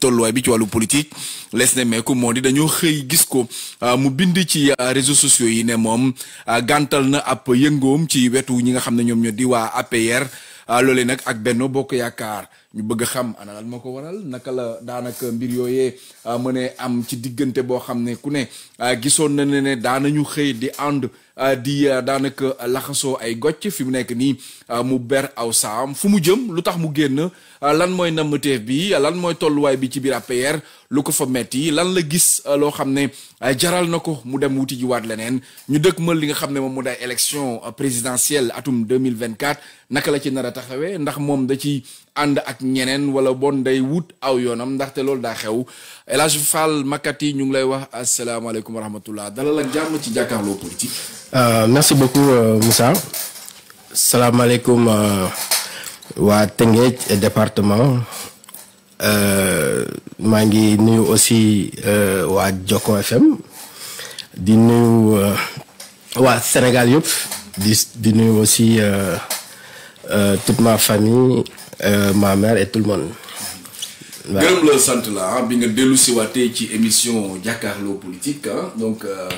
tolluwaay bi ci wàllu politique les ne meeku moo di dañoo xëy gis ko ah, mu bind ci ah, réseaux sociaux yi ne moom ah, gàntal na ab yëngoom ci wetu ñi nga xam ne ñoom ñoo di waa APR loolee nag ak Benno Bokk Yaakaar ñu bëgg xam ana lan moo ko waral naka la daanaka mbir yooyee ah, mën ne am ci diggante boo xam ne ku ne ah, gisoon na ne ne daanañu xëy di ànd ah, di daanaka laxasoo ay gocc fi mu nekk nii mu ber aw saam fu mu jëm lu tax mu génn lan mooy nammateef bi lan mooy tolluwaay bi ci biir lu ko fa metti lan la gis loo xam ne jaral na ko mu dem wuti ji leneen ñu dëkk mal li nga xam ne moom mu day élection présidentielle atum 2024 naka la ci nar a taxawee ndax moom da ci ànd ak ñeneen wala bon day wut aw yoonam ndaxte loolu daa xew El Hadj Fall Makati ñu ngi lay wax asalaamaaleykum wa rahmatullah dalal ak jàmm ci jàkkaarloo politique. Euh, merci beaucoup euh, Moussa salaamaaleykum euh, waa Tëngéej département maa ngi nuyu aussi waa Jokko FM di nuyu waa Sénégal yëpp di di nuyu aussi. Euh, toute ma famille euh, ma mère et tout le monde. gërëm la sant la ah, bi nga dellu si waatee ci émission Jakarlo politique ah, donc euh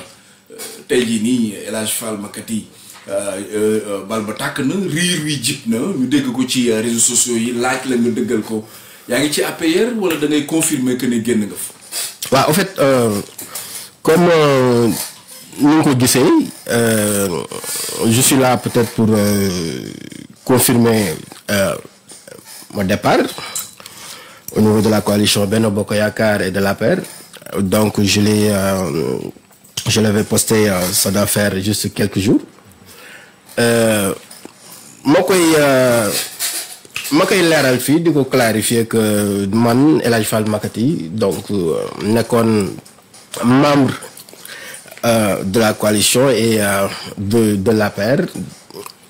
et euh, nii El makati Fall euh, euh bal ba tàkk na riir wi jib na ñu dégg ko ci réseaux sociaux yi laaj la nga dëggal ko ya ngi ci APR wala da ngay confirmer que ne génn nga fa. en fait comme ni vous gissé euh je suis là peut-être pour confirmer euh, mon départ au niveau de la coalition Beno Bokoyakar et de la paire. Donc je l'ai euh, je l'avais posté euh, ça d'affaire juste quelques jours. Moi, je suis clarifier que man El Fall Makati donc euh, nekkoon membre de la coalition et de de la paire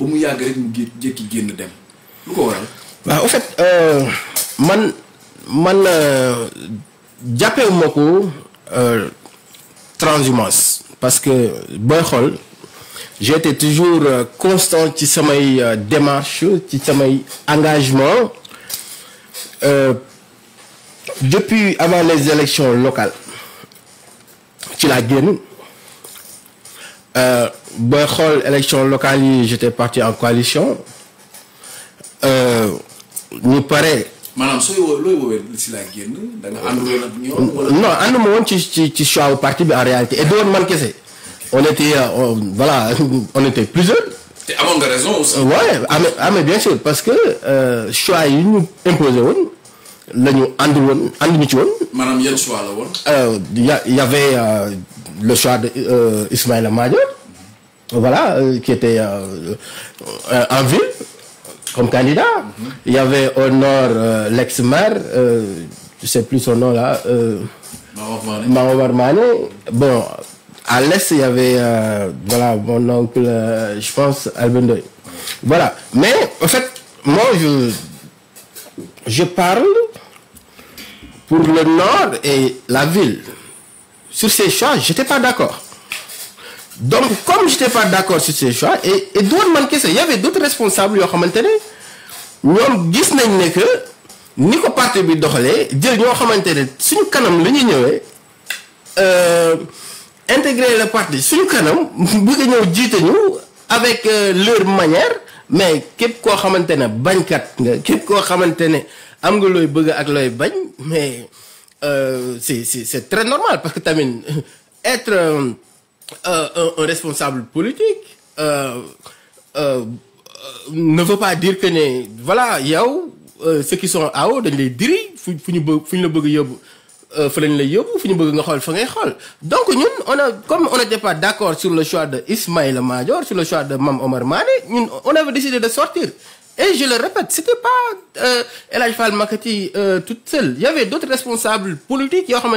bamu en fait euh, man man euh, euh, transhumance parce que booy j'étais toujours constant ci samay démarche ci samay engagement depuis avant les élections locales ci laa génn élection locale j'étais parti en coalition Il me paraît. Madame, si la non tu, parti en réalité et on était euh, voilà on était plusieurs. raison aussi. Euh, ouais ah, ah, mais, bien sûr parce que euh, choix nous imposé woon. y' avait le choix de Ismaïla voilà, euh, qui était euh, euh, en ville comme candidat. Il y avait au nord l'ex-maire, je ne sais plus son nom là, Maro Mane. Bon, à l'est, il y avait voilà, mon oncle, je pense, Albendoy. Voilà. Mais en fait, moi, je, parle pour le nord et la ville. Sur ces choses je n'étais pas d'accord donc comme je j'étais pas d'accord sur ces choix et et doon ça, il y avait d'autres responsables yoo xamante ne ñoom gis nañ ne que ni parti bi doxalee jël ñoo xamante ne suñu kanam la ñuy ñëwee euh, intégrer le parti suñu kanam bëgg a ñëw jiite ñu avec euh, leur manière mais képp koo xamante ne bañkat nga képp koo xamante ne am nga looy bëgg ak Loy Bagn, mais euh, c'est c'est c'est très normal parce que tamit être euh, un, un, responsable politique euh, euh, ne veut pas dire que il voilà yow ceux qui sont à haut dans les diri fu fu la donc ñun on a comme on n'était pas d'accord sur le choix de Ismaël Major, sur le choix de Mam Omar Mané on avait décidé de sortir et je le répète c'était pas El Hadj Makati euh, toute seule il y avait d'autres responsables politiques qui ont ne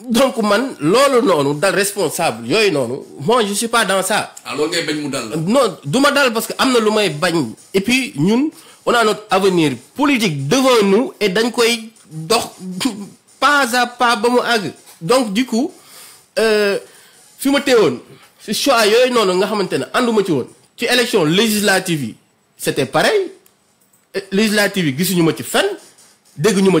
donc man moi je suis pas dans ça. alors ah, ngay non du parce que et puis nous, on a notre avenir politique devant nous et dañ koy pas à pas donc du coup euh, si choix nga élection législative c'était pareil euh, législative ma ci ma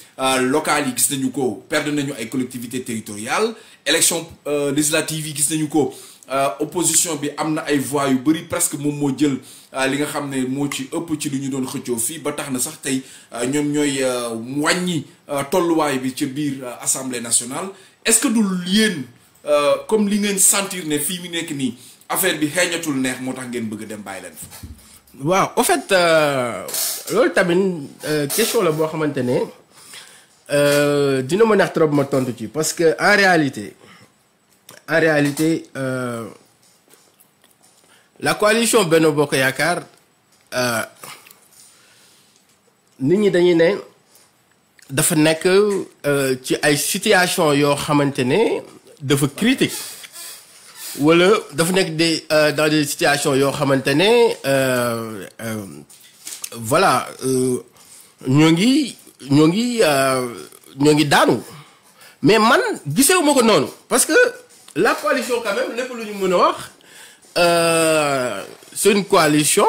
Euh, locales yi gis nañu ko perdre nañu ay collectivités territoriales élection euh, législative yi gis nañu ko euh, opposition bi amna ay voix yu bari presque moom mo jël li nga xamné mo ci ëpp ci li ñu doon xëccio fi ba taxna sax tay ñom ñoy wañi tollu way bi ci bir assemblée nationale est-ce que du yéen comme li ngeen sentir né fi mi nek ni affaire bi xeeñatul neex motax ngeen bëgg dem bay leen fa. waaw en fait loolu tamit question la boo xamante ne. Euh, dina ma neex trop ma tontu ci parce que en réalité en réalité euh, la coalition Benno Bokk Yaakaar euh, nit ñi dañuy ne dafa nekk euh, ci ay situation yoo xamante ne dafa critique wala dafa nekk des dans des situations yoo xamante ne voilà ñoo ngi ñoo euh, daanu mais man gisewu parce que la coalition quand même euh, c'est une coalition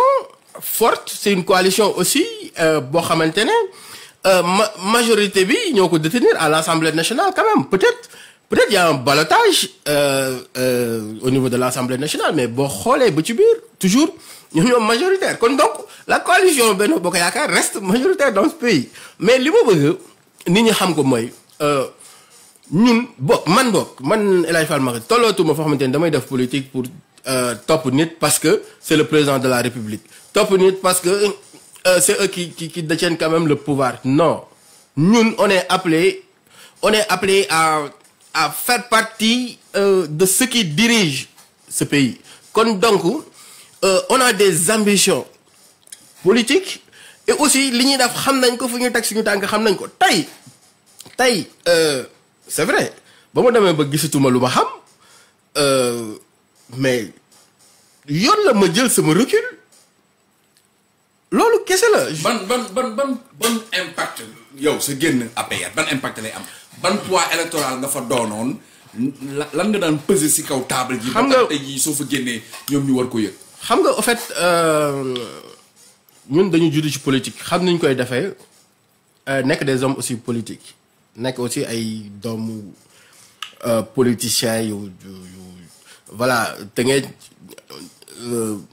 forte c'est une coalition aussi euh, boo xamante ne majorité bi ñoo détenir à l'Assemblée nationale quand même peut-être peut-être y a un ballotage au niveau de l'Assemblée nationale mais boo xoolee ba toujours nous sommes majoritaire donc la coalition beno Bokayaka reste majoritaire dans ce pays mais ce que je veux ñi xam ko mooy euh, ñun man bok man El Hadj Fall def politique pour euh, Top nit parce que c'est le président de la République Top nit parce que euh, c'est eux qui qui détiennent quand même le pouvoir non Nous, on est appelé on est appelé à à faire partie de ceux qui dirigent ce pays kon donc euh, on a des ambitions politiques et aussi li ñuy def xam nañ ko fu ñuy teg suñu tànk xam nañ ko tey tey euh, c'est vrai ba ma demee ba gisatuma lu ma xam euh, mais yoon la ma jël sama recul loolu kese là. ban ban ban ban bon impact yow sa génn APR ban impact lay am ban poids électoral nga fa doonoon lan nga daan peser si kaw table ji. xam nga tey jii soo fa génnee ñoom ñu war ko yëg. xam nga en fait euh, ñun dañu judd ci politique xam nañ koy defee euh, nekk des hommes aussi politiques nekk aussi ay doomu euh, politiciens yu yu voilà te ngay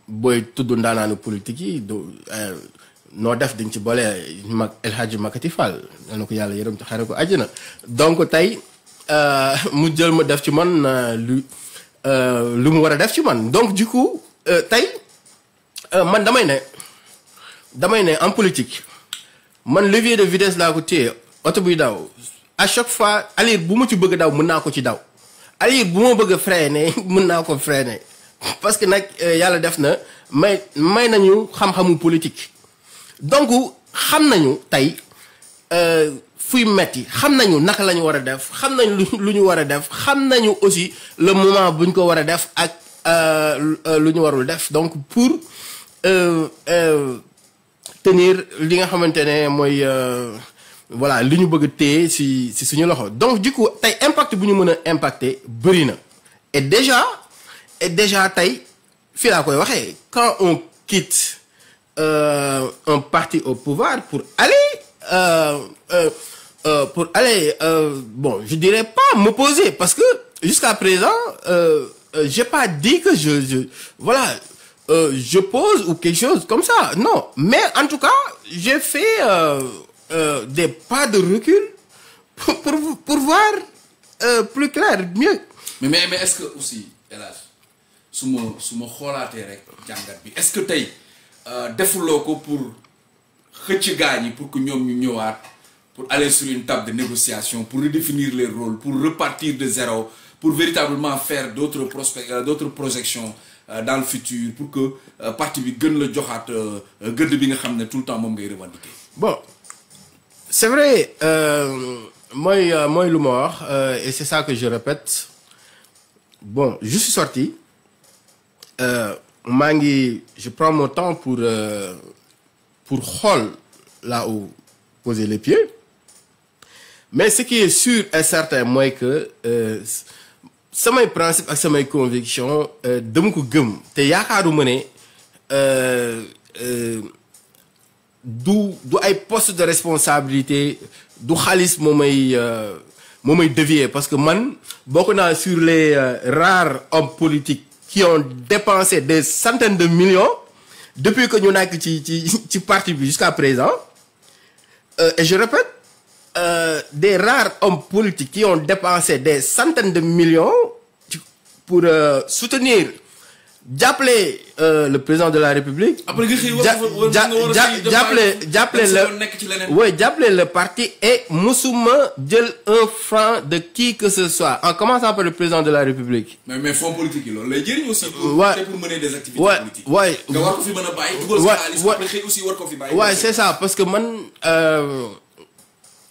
booy tudd ndaanaanu politique yi du noo def dañ ci boole mag El Hadji Makati Fall na ko yàlla yërëm te xare ko na donc tey mu jël ma def ci man lu mu war a def ci man donc du Euh, tey euh, man damay ne damay ne en politique man levier de vitesse laa ko téye oto buy daw à chaque fois alir bu ma ci bëgg daw mën naa ko ci daw alir bu ma bëgg a freiner mën naa ko freiner parce que nag euh, yàlla def na may may nañu xam-xamu politique donc xam nañu tey fuy metti xam nañu naka la ñu war a def xam nañu lu ñu war a def xam nañu aussi le moment bu ñu ko war a def ak l'Union ñu donc pour euh, euh, tenir l'Union nga xamante euh, voilà li donc du coup tey impact bu ñu impacter bëri et déjà et déjà tey fait la koy quand on quitte un parti au pouvoir pour aller pour aller bon je dirais pas m'opposer parce que jusqu'à présent euh, j'ai pas dit que je, je voilà, euh, je pose ou quelque chose comme ça. Non, mais en tout cas, j'ai fait euh, euh des pas de recul pour, pour, voir euh, plus clair, mieux. Mais, mais, mais est-ce que aussi, hélas, sous mon rek est-ce que tu des ko pour xëcc pour que nous ñëwaat pour aller sur une table de négociation pour redéfinir les rôles pour repartir de zéro pour véritablement faire d'autres euh, d'autres projections euh, dans le futur pour que euh, parti de gën la ne gëdd tout le temps mom ngay revendiquer. bon c'est vrai moi, moi et c'est ça que je répète bon je suis sorti je prends mon temps pour pour là où poser les pieds mais ce qui est sûr et certain moi que mon principe ak samay conviction euh, dama ko gëm te je ne euh, euh, du du ay poste de responsabilité du khalis momay momay parce que man suis na sur les rares hommes politiques qui ont dépensé des centaines de millions depuis que ñu nak ci ci ci parti jusqu'à présent et je répète euh, des rares hommes politiques qui ont dépensé des centaines de millions pour euh, soutenir d'appeler euh, le président de la République d'appeler le d'appeler le parti et Moussouma de un franc de qui que ce soit en commençant par le président de la République mais mais fonds politique là les jëriñ aussi pour mener des activités politiques ouais. ouais. ouais. c'est ça parce que man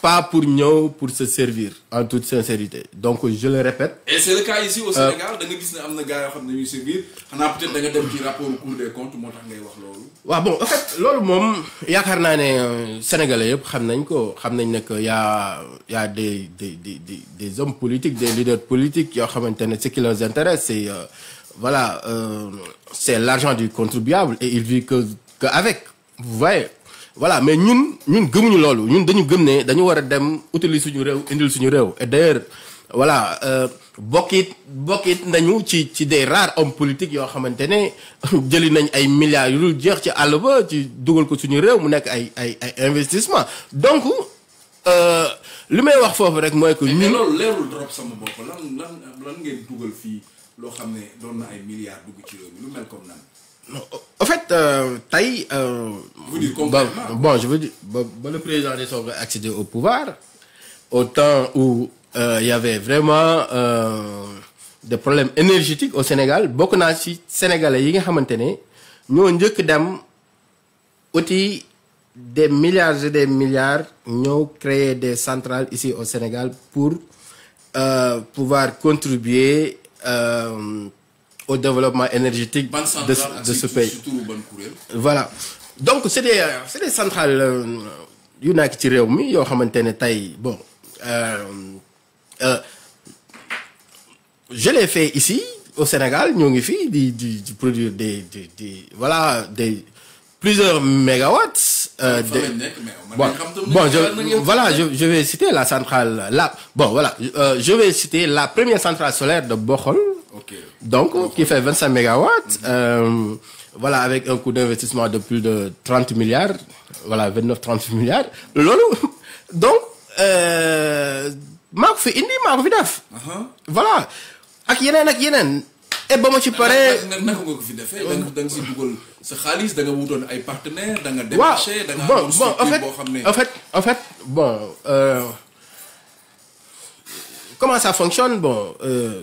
pas pour nous, pour se servir en toute sincérité donc je le répète. et c'est le cas ici au euh, Sénégal Vous avez vu ne gars yoo xam ne peut-être da dem ci rapport des comptes moo tax ngay wax loolu. bon en fait loolu moom yaakaar naa ne euh, sénégalais yëpp xam ko des des des des hommes politiques des leaders politiques qui ont ce qui les intéresse c'est euh, voilà c'est l'argent du contribuable et ils vivent que que avec vous voyez. voilà mais ñun ñun gëmuñu loolu ñun dañu gëm ne dañu war a dem utili suñu réew indil suñu réew et d'ailleurs voilà euh, bokkit bokkit nañu ci ci des om hommes yoo xamante ne jëli nañ ay milliards yu dul jeex ci àll ba ci dugal ko suñu réew mu nekk ay ay ay investissement donc euh, li may wax foofu rek mooy que. ñun loolu leerul drop sama bopp lan lan lan ngeen dugal fii loo xam ne doon na ay milliards dugg ci réew lu mel comme nan. En fait, euh, euh bon, je veux dire, bon, le président de Sonko a accédé au pouvoir au temps où euh, il y avait vraiment euh, des problèmes énergétiques au Sénégal. Beaucoup de Sénégalais, ils nous avons dit que des milliards et des milliards, nous avons créé des centrales ici au Sénégal pour pouvoir contribuer. Euh, au développement énergétique de, ce pays. Voilà. Donc, c'est des, euh, des centrales tirent au il y bon euh, euh, je l'ai fait ici au Sénégal nous produit produire des voilà des plusieurs mégawatts. bon, je, voilà, je, vais citer la centrale, la, bon, voilà, je vais citer la première centrale solaire de Bohol, donc, qui fait 25 mégawatts. euh, voilà, avec un coût d'investissement de plus de 30 milliards. Voilà, 29-30 milliards. Lolo. Donc, euh, Marc fait ko fi indi voilà ak yeneen ak yeneen. et ba ma ci paree. naka nga ko fi defee. da nga da nga si dugal sa xaalis da nga wutoon ay partenaires. da nga démarché da nga bon bon en fait en fait en fait bon. Euh, comment ça fonctionne bon. Euh,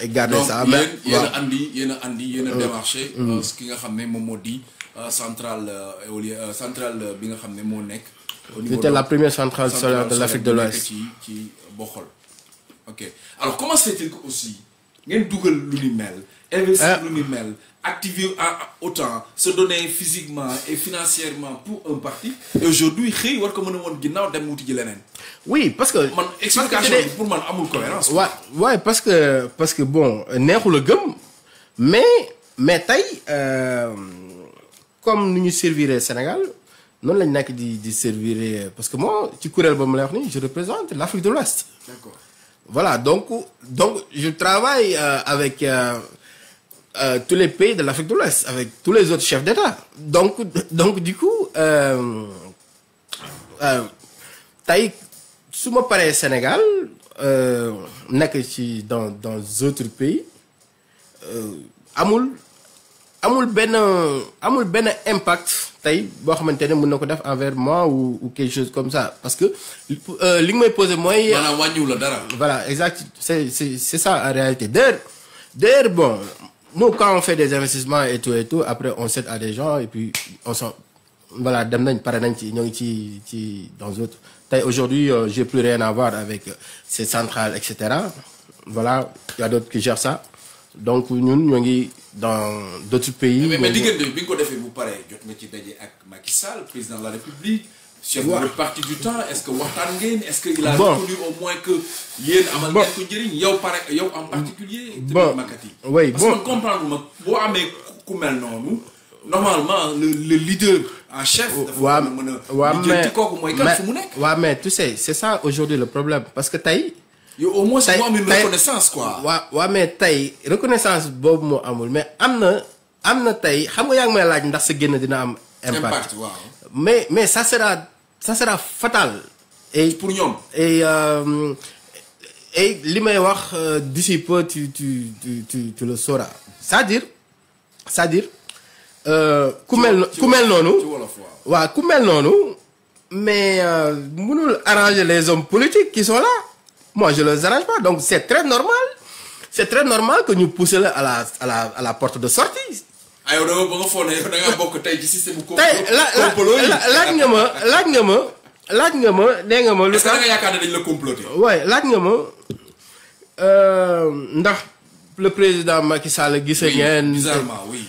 et garder ça donc yéen a andi yéen a andi yéen a euh, démarché. Euh, mm. ki nga xam ne moom moo di euh, centrale centrale bi nga xam ne moo au niveau c'était la première centrale solaire de l'Afrique de l'Ouest qui ci ok alors comment c'était il aussi ngeen dugal lu ni mel investir ah. le ni activer autant se donner physiquement et financièrement pour un parti et aujourd'hui xëy war ko mën a woon ginnaaw de oui parce que. man explication pour moi, amour cohérence. Ouais, ouais, parce que parce que bon neexul le gum, mais mais tey euh, comme nous ñu au Sénégal nous lañ nekk di parce que moi tu je représente l'Afrique de l'Ouest. d'accord voilà donc donc je travaille euh, avec. Euh, euh, tous les pays de l'Afrique de l'Ouest, avec tous les autres chefs d'État. Donc, donc, du coup, euh, je euh, tey su sénégal Sénégal euh, nekk ci dans dans d'autres pays Amoul, Amoul ben un ben impact tey je envers moi ou quelque chose comme ça parce que ligne que je posé pose, voilà exact c'est c'est ça en réalité d'ailleurs bon nous, quand on fait des investissements et tout et tout, après, on cède à des gens et puis on s'en. Voilà, dans d'autres. Aujourd'hui, euh, j'ai plus rien à voir avec euh, ces centrales, etc. Voilà, il y a d'autres qui gèrent ça. donc nous, on dans d'autres pays. mais président de la République sur une parti du temps est-ce que Watan ngeen est-ce qu'il a reconnu au moins que yéen amal ngeen ko njëriñ yow pare yow en particulier bon Makati oui parce que comprendre ma boo amee ku mel noonu normalement le le leader en chef dafa mën mais ci mais tu sais c'est ça aujourd'hui le problème parce que Tay au moins c'est moi une reconnaissance quoi wa waaw mais tey reconnaissance bon moi amul mais amne amne Tay na mais xam nga ce gain may laaj ndax dina am impact waaw mais mais ça sera ça sera fatal. Et, pour nous. et euh, et les euh, d'ici peu tu tu tu tu le sauras. c'est-à-dire c'est-à-dire mais nous, arranger les hommes politiques qui sont là. moi je les arrange pas donc c'est très normal c'est très normal que nous poussions à la à la à la porte de sortie. ayo dama ba nga fone yow da nga bokk tey ci système ko complot yi laaj nga ma laaj nga ma laaj nga ma nee nga ma lu tax nga yaakaar ne dañ la comploté waay laaj nga ma ndax le président Macky Sall gise ngeen bizarrement oui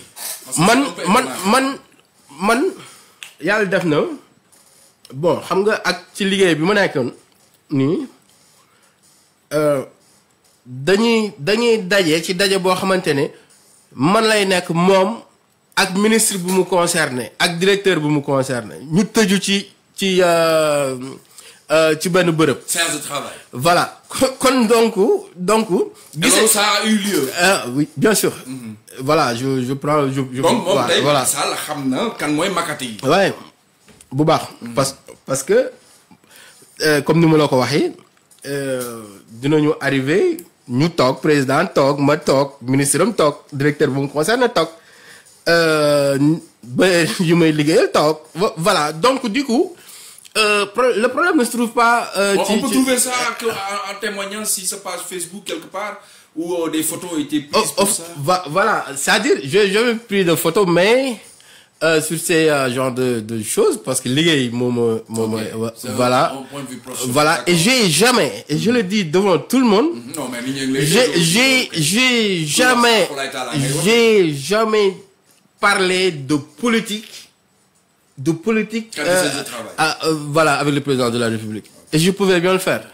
man man man man yàlla def na bon xam nga ak ci liggéey bi ma dany, nii euh, dañuy dañuy daje ci daje boo xamante man lay nekk moom ak ministre bu mu concerné ak directeur bu mu concerné ñu tëju ci ci euh, euh, ci benn bërëb. séance de travail. voilà kon donc donc. gisee ça a eu lieu. ah oui bien sûr. Mm-hmm. voilà je je prends je. je donc moom tey la xam na kan mooy makati yi. waaye bu baax. Mm-hmm. parce parce que euh, comme ni ma la ko waxee dinañu arrivé ñu toog président toog ma toog ministre am toog directeur bu mu concerné toog ben yu me top. voilà donc du coup le problème ne se trouve pas. Euh, on peut trouver ça en, témoignant si ça passe Facebook quelque part ou des photos étaient été prises. pour ça. voilà, c'est-à-dire, je jamais pris de photos, mais sur ces genre de, de, choses, parce que les voilà, voilà, et j'ai jamais, et je le dis devant tout le monde, j'ai jamais, j'ai jamais parler de politique, de politique, euh, euh, voilà, avec le président de la République. Et je pouvais bien le faire.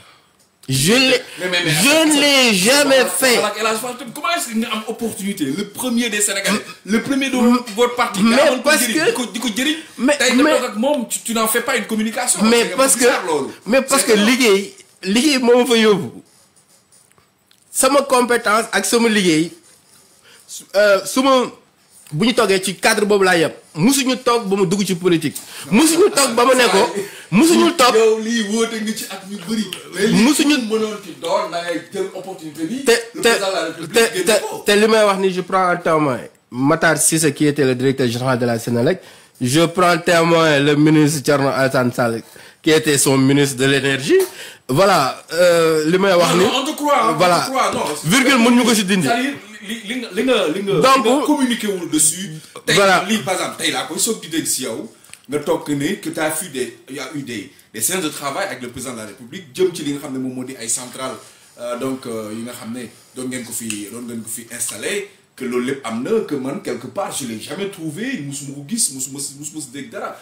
Je, ne l'ai jamais fait. Comment est-ce qu'il une opportunité Le premier des Sénégalais, le premier de votre parti. parce que... tu, n'en fais pas une communication. Mais parce que... Mais parce que liguey liguey mon fa compétence avec liguey euh, buñu ñu ci cadre bobu la yeb musuñu toog ba mu dugg ci politique. musuñu toog bama mu ne ko. musuñu toog yow li wote nga ci ak ñu bëri. musuñu mënoon ci doon da ngay jël opportunité bi. te te te te li may wax ni je prends en témoin Matar Cissé qui était le directeur général de la Sénélec je prends témoin le ministre Thierno Alassane Sall qui était son ministre de l'énergie voilà euh, li may wax ni. voilà virgule mën ñu ko ci dindi li li nga li nga donc wul dessus. voilà par exemple tey laa koy soog di si yow nga tok ne que tu as vu des y a eu des des scènes de travail avec le président de la république djem ci li nga xam ne moom ay centrales euh, donc euh, yi nga xam ne ngeen ko fi doon ngeen ko fi installer que loolu lépp amna que man quelque part je l'ai jamais trouvé musuma ko gis musuma si musuma si dara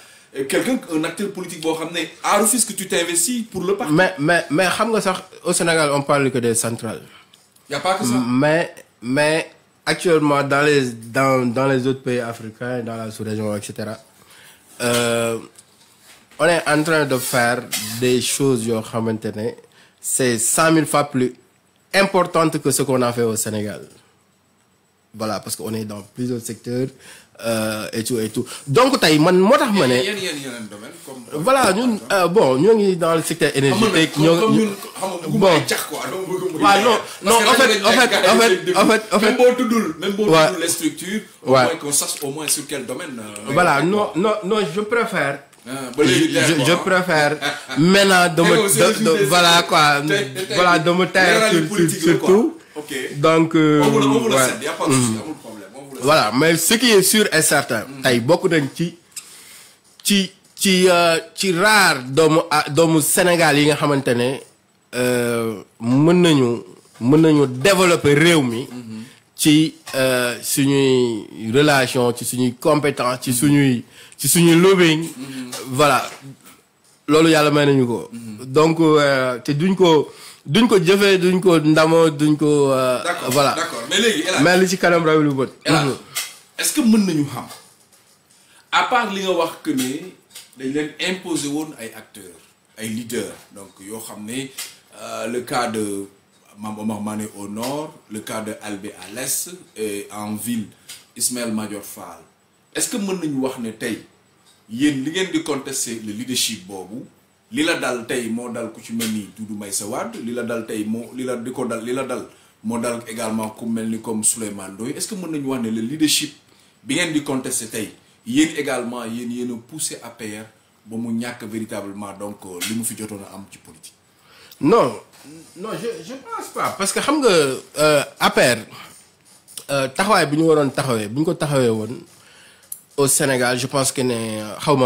quelqu'un un acteur politique bo xamné ne à que tu t'investis pour le parti. mais mais mais xam nga sax au Sénégal on parle que des centrales. il y a pas que ça mais. Mais actuellement, dans les, dans, dans les autres pays africains, dans la sous-région, etc., euh, on est en train de faire des choses, c'est 100 000 fois plus importantes que ce qu'on a fait au Sénégal. Voilà, parce qu'on est dans plusieurs secteurs, euh, et tout et tout donc tey man motax mané voilà euh, bon nous sommes dans le secteur énergétique. ñoo ngi bon waaw non non en fait en fait en fait en fait. même tout doule même boo tuddul les structures. au moins qu'on sache au moins sur quel domaine. Euh, voilà non non non je préfère. Ah, je, hein. préfère eh, maintenant de voilà quoi voilà de me taire surtout donc. on vous a pas de mm-hmm voilà mais ce qui est sûr est certain. tey bokk nañ ci ci ci euh, ci raar doomu ah, doomu Sénégal yi nga xamante ne euh, mën nañu mën nañu développer réew mi. ci euh, suñuy relation ci suñuy compétence ci suñuy ci suñuy lobbying. voilà loolu yàlla may nañu ko. Mm-hmm. donc te duñ ko duñ ko jëfé duñ ko ndamo duñ ko. Euh, voilà d'accord mais léegi. mais li ci kanam raw lu est-ce que mën nañu xam à part li nga wax que né dañ leen imposer won ay acteurs ay leaders donc yo xamné euh, le cas de Mame Omar au nord le cas de Albé à l'est et en ville Ismaël Major Fall est-ce que mën nañu wax né tay yeen li ngeen di contester le leadership bobu lila dal tay mo dal ku ci melni dudu may Maïssa Wade li dal tay mo lila diko dal lila dal mo dal également ku melni comme Souleymane doy est-ce que mën nañu wax le leadership bi ngeen di contester tay yeen également yeen yeen pousser à APR ba mu ñak véritablement donc euh, limu fi jotoon am ci politique. non non je je pense pas parce que xam nga euh APR euh, taxawaay bu ñu waroon taxawee bu ñu ko taxawé won au Sénégal je pense que ne xaw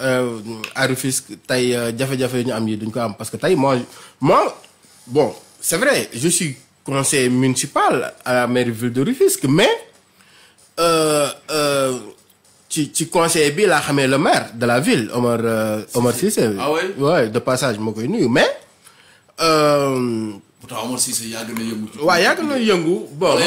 euh, à Rufusque tey euh, jafe ñu am parce que taille, moi moi bon c'est vrai je suis conseiller municipal à la mairie ville de Rufisque mais tu euh, euh, conseilles bien la la le maire de la ville Omar Omar Cissé. ah oui de passage je koy mais mais pourtant Omar Cissé yàgg na yëngu. waaw yàgg na yëngu. bon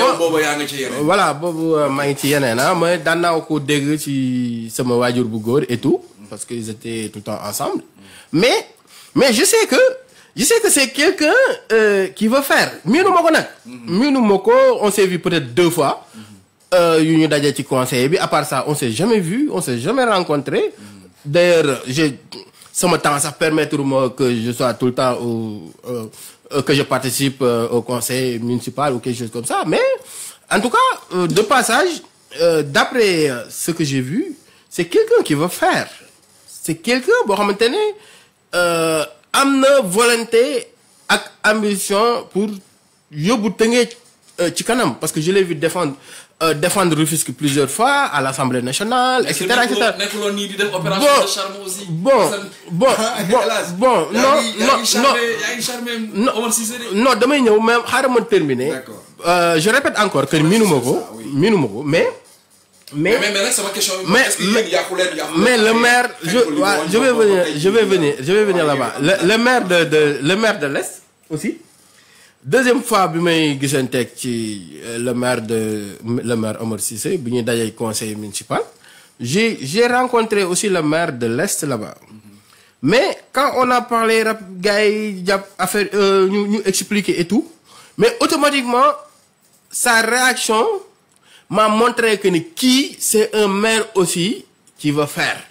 voilà boobu euh, maa ngi ci yeneen ah mais daan naa ko dégg ci sama waajur bu góor et tout. parce qu'ils étaient tout le temps ensemble. mais mais je sais que je sais que c'est quelqu'un euh, qui veut faire miinu ma ko nag. Mhm. miinu on s'est vu peut-être deux fois. Mhm. Euh, yu ñu daje ci conseil bi à part ça on s'est jamais vu on s'est jamais rencontré. Mhm. d'ailleurs j'ai sama temps sax permettre ma que je sois tout le temps au. Euh, euh, que je participe euh, au conseil municipal ou quelque chose comme ça. Mais en tout cas, euh, de passage, d'après ce que j'ai vu, c'est quelqu'un qui veut faire. C'est quelqu'un, bon, maintenant, euh, volonté une ambition pour yóbbu chikanam parce que je l'ai vu défendre euh, défendre défendre fisc plusieurs fois à l'Assemblée nationale, etc. Bon, bon, ah, bon, bon, non, non, non, non, demain, non, euh, je répète encore que mais. Mais, mais, le maire, je, vais venir, je vais venir, je vais venir là-bas. maire de, le maire de l'Est aussi, deuxième fois bi may gisanteeg ci euh, le maire de le maire Omar Cissé bi ñu conseil municipal j'ai j'ai rencontré aussi le maire de l'Est là-bas mm-hmm. mais quand on a parlé rap gay yi affaire euh, ñu ñu expliquer et tout mais automatiquement sa réaction m'a montré que ni c'est un maire aussi qui va faire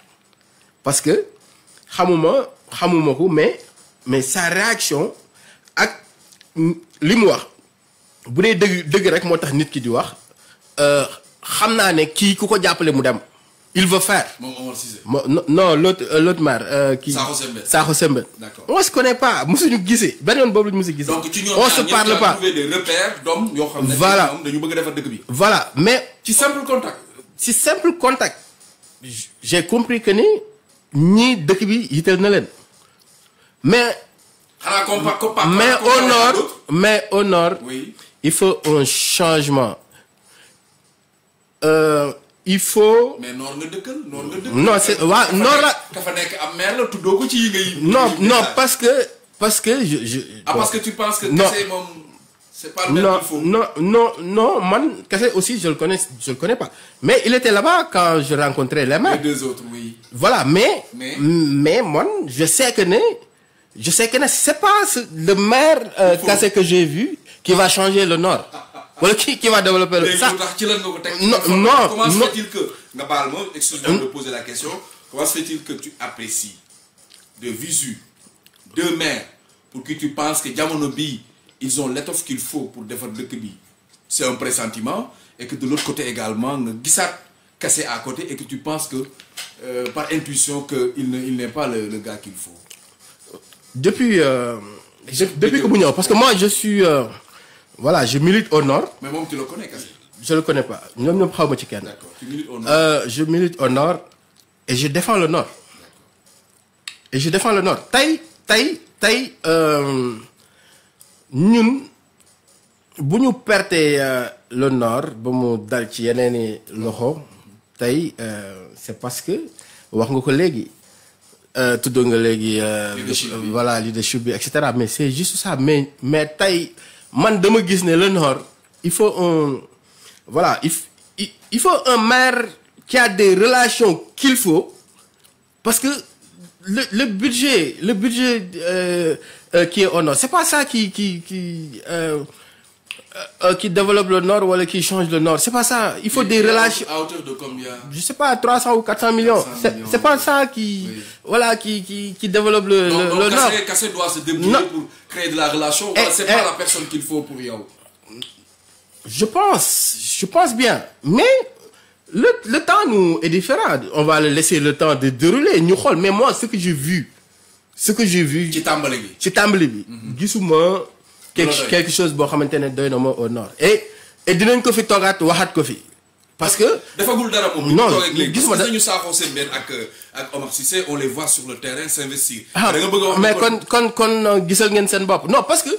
parce que xamuma moment mais mais sa réaction ak li mu wax bu dee dëgg dëgg rek moo tax nit ki di wax euh, xam naa ne kii ku ko jàppale mu dem. il veut faire. non non l'autre euh, l'autre maire. kii euh, Sakho Sembène on se connaît pas mosuñu gisee benn yoon boobu la ñu mos a gisee. donc ci on se parle pas des repères d'hommes yoo xam ne voilà dañu bëgg a defar dëkk bi. voilà mais. ci simple contact. ci simple contact. j'ai compris que ni ñii dëkk bi yitteel na leen mais. Mais au nord, mais au nord, il faut un changement. Euh, il faut. mais non c'est non non parce que parce que je je. ah parce que tu penses que. non c'est pas le même qu'il faut. non non non man aussi je le connais je le connais pas mais il était là-bas quand je rencontrais les mains. les deux autres oui. voilà mais. mais mais je sais que ne. Je sais que c'est pas le maire cassé euh, que j'ai vu qui va changer le nord. qui va développer le. ça non comment se fait-il que de poser la question comment se fait-il que tu apprécies de visu deux maires pour qui tu penses que Diamonobi, ils ont l'étoffe qu'il faut pour défendre le Kibi c'est un pressentiment et que de l'autre côté également nga ça cassé à côté et que tu penses que euh, par intuition qu'il n'est pas le gars qu'il faut depuis, euh, depuis que pas, parce que moi je suis, euh, voilà, je milite au nord. Mais moi, tu le connais, Kassé Je le connais pas. Nous non pas au D'accord. au nord euh, Je milite au nord et je défends le nord. Et je défends le nord. Taï, taï, taï, euh, nous, bu nous euh, le nord bon mu dal ci yeneen euh, c'est parce que wax nga ko légui euh, tudd les léegi. Euh, voilà leadership de etc mais c'est juste ça mais mais taille, man de me ne le Nord il faut un voilà il il faut un maire qui a des relations qu'il faut parce que le budget le budget euh, qui est au Nord c'est pas ça qui qui qui. Euh, euh, qui développe le Nord ou qui change le Nord. C'est pas ça. Il faut des relations. À hauteur de combien Je sais pas, 300 ou 400 millions. C'est pas ça qui, voilà, qui, qui, développe le, Nord. le, donc le Nord. Kassé doit se débrouiller pour créer de la relation. Eh, c'est pas eh. la personne qu'il faut pour Yao. Je pense, je pense bien. Mais le, temps nous est différent. On va laisser le temps de dérouler. Mais moi, ce que j'ai vu, ce que j'ai vu. C'est Tambalibi. C'est Du Mm -hmm quelque chose boo ne au nord et et ko fi parce que non on les voit sur le terrain s'investir. Ah, mais quand euh, non parce que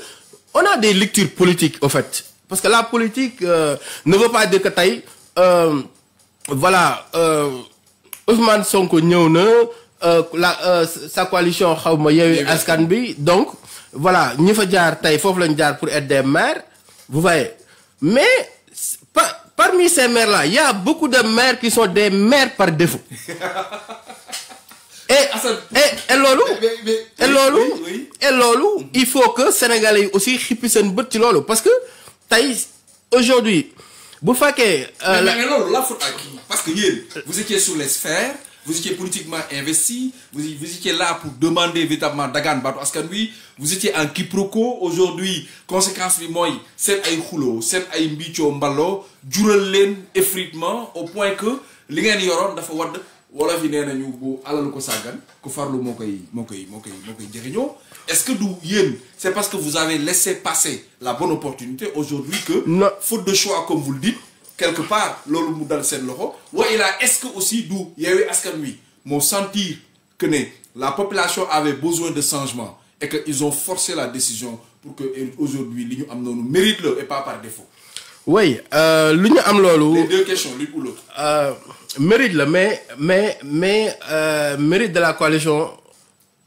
on a des lectures politiques au fait parce que la politique euh, ne veut pas dire que euh, voilà Ousmane Sonko la sa coalition a eu donc voilà nous faisons jaar pour être des maires vous voyez mais parmi ces maires là il y a beaucoup de maires qui sont des maires par défaut. et et il faut que sénégalais aussi xippi se battre ci parce que aujourd'hui bu fekkee. Euh, mais mais là, faute à qui parce que vous étiez sur les sphères vous étiez politiquement investi, vous, étiez là pour demander véritablement Dagan Bato Askanoui, vous étiez en quiproquo, aujourd'hui, conséquence du moi, c'est un Khoulo, c'est un Mbicho Mbalo, len effritement, au point que, les gens yoron dafa wad wala fi néna bu alal ko sagan ko farlu mokay est-ce que d'où c'est parce que vous avez laissé passer la bonne opportunité aujourd'hui que faute de choix comme vous le dites quelque part lolu mu dal sen loxo wa Ou est-ce que aussi y yewi Askan Wi mon sentir que la population avait besoin de changement et que ils ont forcé la décision pour que aujourd'hui li mérite le et pas par défaut. oui euh, l'Union ñu am deux questions l'une ou l'autre. Euh, mérite le mais mais mais euh, mérite de la coalition.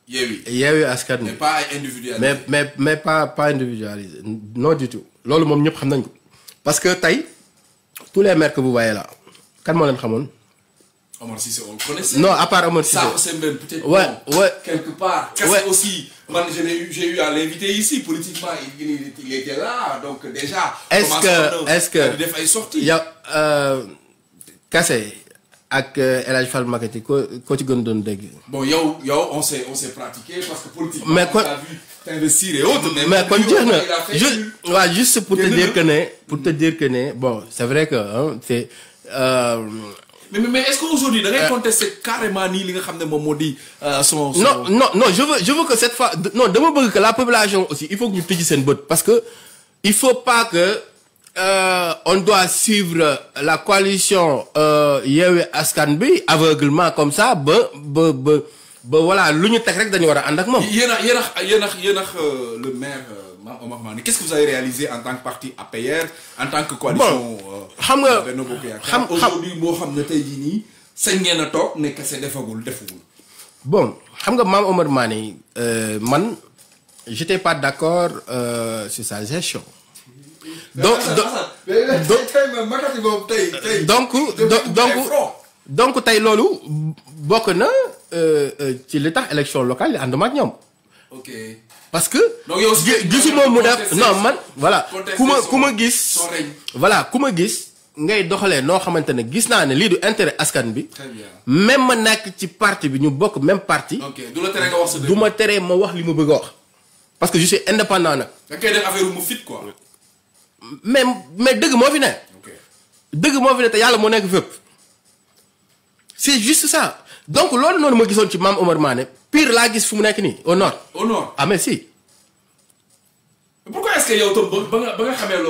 il y a eu mais pas individualisé. mais mais pas pas individualisé non du tout lolu mom ñep xam nañ ko parce que tay tous les maires que vous voyez là Quand même, leen Omar Cissé on connaissait. non à part Omar Cissé Samb peut-être. ouais ouais quelque part. ouais aussi Moi, j'ai eu j'ai eu à l'inviter ici politiquement il était là donc déjà. est-ce que est-ce que Il Y a, yow à que El Hadj Fall Makaty ko ko ci gën des bon yo, yo, on s'est on s'est pratiqué parce que politiquement. mais t'investir et autres. Mais, mais comme dire, juste, ouais, juste pour te dire que non, hein? pour te dire que non. bon, c'est vrai que hein, c'est. Euh, mais, mais, mais est-ce qu'aujourd'hui, vous euh, c'est carrément ni les euh, son, son... Non, non, non, je veux, je veux que cette fois, non, demande que la population aussi, il faut que nous puissions une botte parce que il faut pas que euh, on doit suivre la coalition euh, Yewe Askanbi aveuglement comme ça, ben, ben, ben, ba voilà lu ñu teg rek dañu war a ànd ak moom. Euh, le maire euh, Mame Omar Mané qu'est-ce que vous avez réalisé en tant que parti APR en tant que coalition. bon euh, nga aujourd'hui moo xam ne tey jii nii sañ ngeen a toog ne kese defagul defagul. bon ham nga Mame Omar Mané man j'étais pas d'accord sur sa gestion. donc donc donc donc donc tay loolu bokk na euh, euh ci li tax élection locale yi ànduma ak ñom ok parce que. donc yow gisuma mu def non man. voilà kuma kuma gis. voilà kuma gis ngay doxale no xamantene gis na ne li du intérêt askan bi. même nak ci parti bi ñu bokk même parti. OK du la téré nga wax sa du ma tere ma wax li mu bëgg wax. parce que je suis indépendant nak da koy def affaire mu fit quoi. même mais deug mo fi ne. deug mo fi ne te yalla mo nekk fépp c'est juste ça donc l'on noonu ma gisoon ci Omar Mané pire la au nord. au nord ah mais si. pourquoi est-ce que tu as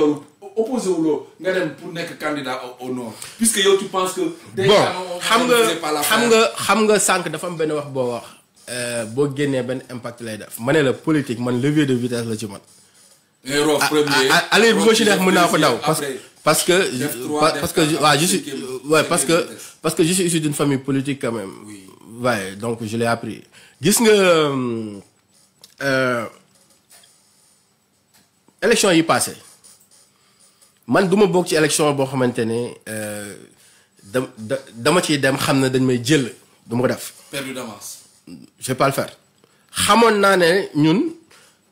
opposé au pour être candidat au nord. puisque tu penses que. bon xam nga xam nga xam nga dafa am wax wax. Euh, impact lay suis le la politique man levier de vitesse la eh, ah, premier ah, ah, allez vous parce que parce que parce que parce que parce que je suis issu d'une famille politique quand même. Oui. Ouais, donc je l'ai appris. Gis nga euh, euh élection yi passé man du bok ci élection bo xamante euh dama ci dem xamna ne dañ may jël du ko def. perdu d'avance. je vais pas le faire xamoon na né ñun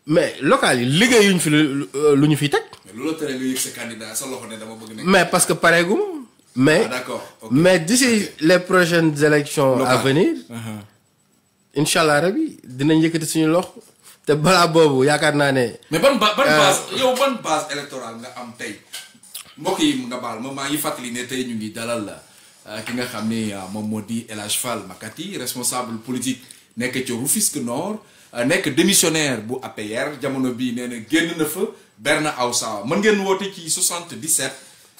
mais local yi liggéey fi luñu fi teg. mais loolu tere nga candidat sa loxo né dama bëgg né. mais parce que pareeguma. Mais, ah, mais d'ici les prochaines élections à venir, uh-huh. Inch'Allah, Rabbi, dinañ yëkëti suñu lox té bala bobu yaakar na né Mais ban ban euh, base yow ban base électorale nga am tay mbokk yi nga baal ma maa ngi fàttali ne tey ñu ngi dalal euh, ki nga xam ne euh, moom moo Makati responsable politique nekk ci Rufisque Nord nekk démissionnaire bu APR jamono bi nee na génn na fa Berne Aoussa mën ngeen woote ci 77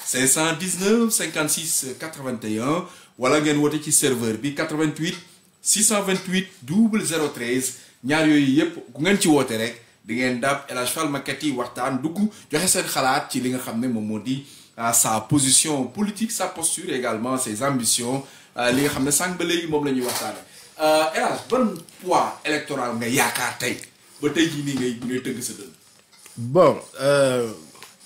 519 56 81 wala ngeen woote ci serveur bi 88 628 0013 ñaar yoy yépp ku ngeen ci woote rek di ngeen daab El Hadj Fall Makati yi waxtaan dugg joxe seen xalaat ci li nga xamné mom modi ah, sa position politique sa posture également ses ambitions ah, li nga xamné ne ba léegi mom lañuy ñuy euh El Hadj bon poids électoral nga yaakaar tay ba tay ji ni ngay ngay teug sa dënn bon euh,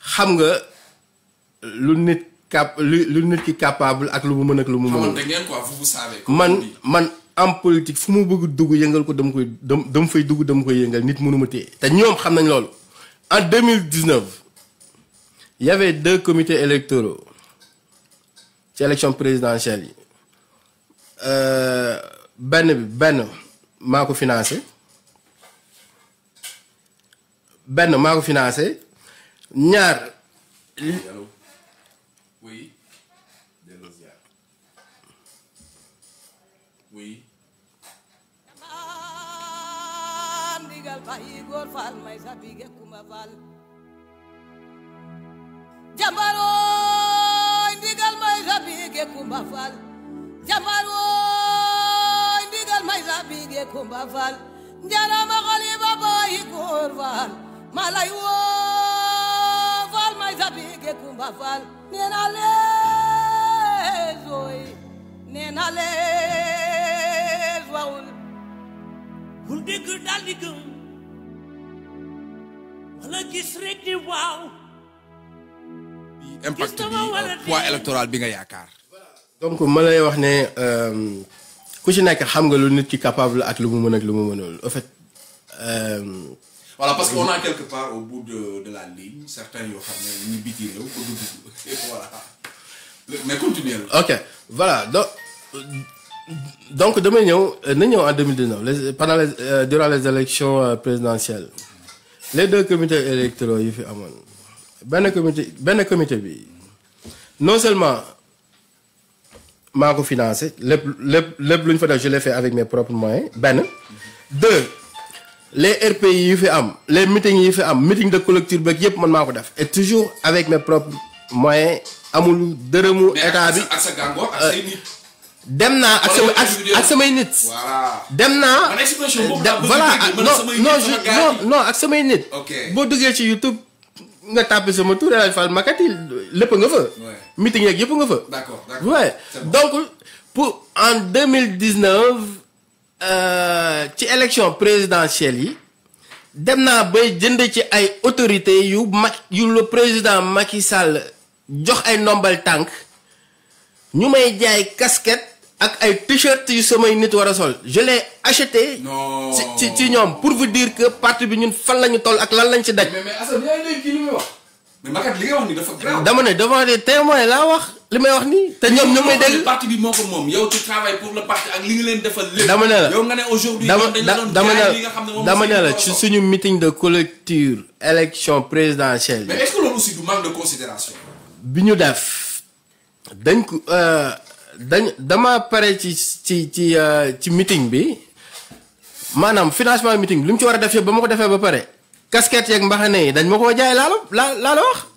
xam nga lu nit cap lu lu nit ki capable ak lu mu mën ak lu mu mën man man en politique fu mu bëgg dugg yëngal ko dama koy dam dama fay dugg dama koy yëngal nit mënuma téye te ñoom xam nañ loolu en 2019 y avait deux comités électoraux ci élection présidentielle yi euh, benn bi benn maa ko financé benn maa ko financé ñaar jambarooy ndigal may sabiige fal ndigal may sabiige kumba fal njarama xaliba booyi góor fal malay woo tabige Coumba Fall nee naa lees ooy nee lees waawul bul dégg daal di gëm gis rek ni waaw impact bi poids bi nga yaakaar donc ma wax ne euh, ku ci nekk xam nga lu nit ki capable ak lu mu mën ak lu mu mënul en euh, voilà parce qu'on a quelque part au bout de, de la ligne certains y ont ni voilà mais continuez. ok voilà donc donc demain, en 2019 euh, durant les élections euh, présidentielles les deux comités électoraux ils fi amoon comité comité non seulement Marco ko le plus les je l'ai fait avec mes propres moyens Ben, deux les RPI les meetings yu meeting de collectif beeg yëpp man mako def et toujours avec mes propres moyens amul dërëmu état bi ak euh, ak samay nit. Demna voilà non non ak samay nit. bo ci YouTube nga tapé sama tur El Fall makati lepp nga meeting yeeg nga fa. d'accord donc pour en 2019 Euh, ci élection présidentielle yi dem naa bay jënd ci ay autorités yu mag yu le président Macky Sall jox ay ndombal tànk ñu may jaay casquette ak ay t-shirt yu samay nit war a sol je l'ai acheté. ci ci ñoom pour vous dire que parti bi ñun fan la ñu toll ak lan lañ ci daj. mais mais Assane li ni dafa grave. laa wax. li may wax ni te ñoom ñu ngi may dégg parti bi moo ko moom yow tu travail pour le parti ak li nga leen defal lépp dama ne la yow nga ne aujourd'hui dama ne dama ne la ci suñu meeting de collecture élection présidentielle mais est-ce que loolu aussi du manque de considération bi ñu def dañ ko euh, dañ dama pare ci ci ci euh, ci meeting bi maanaam financement meeting bi lu mu ci war a def ba ma ko defee ba pare casquette yeeg mbaxane yi dañ ma koo jaay laa la la wax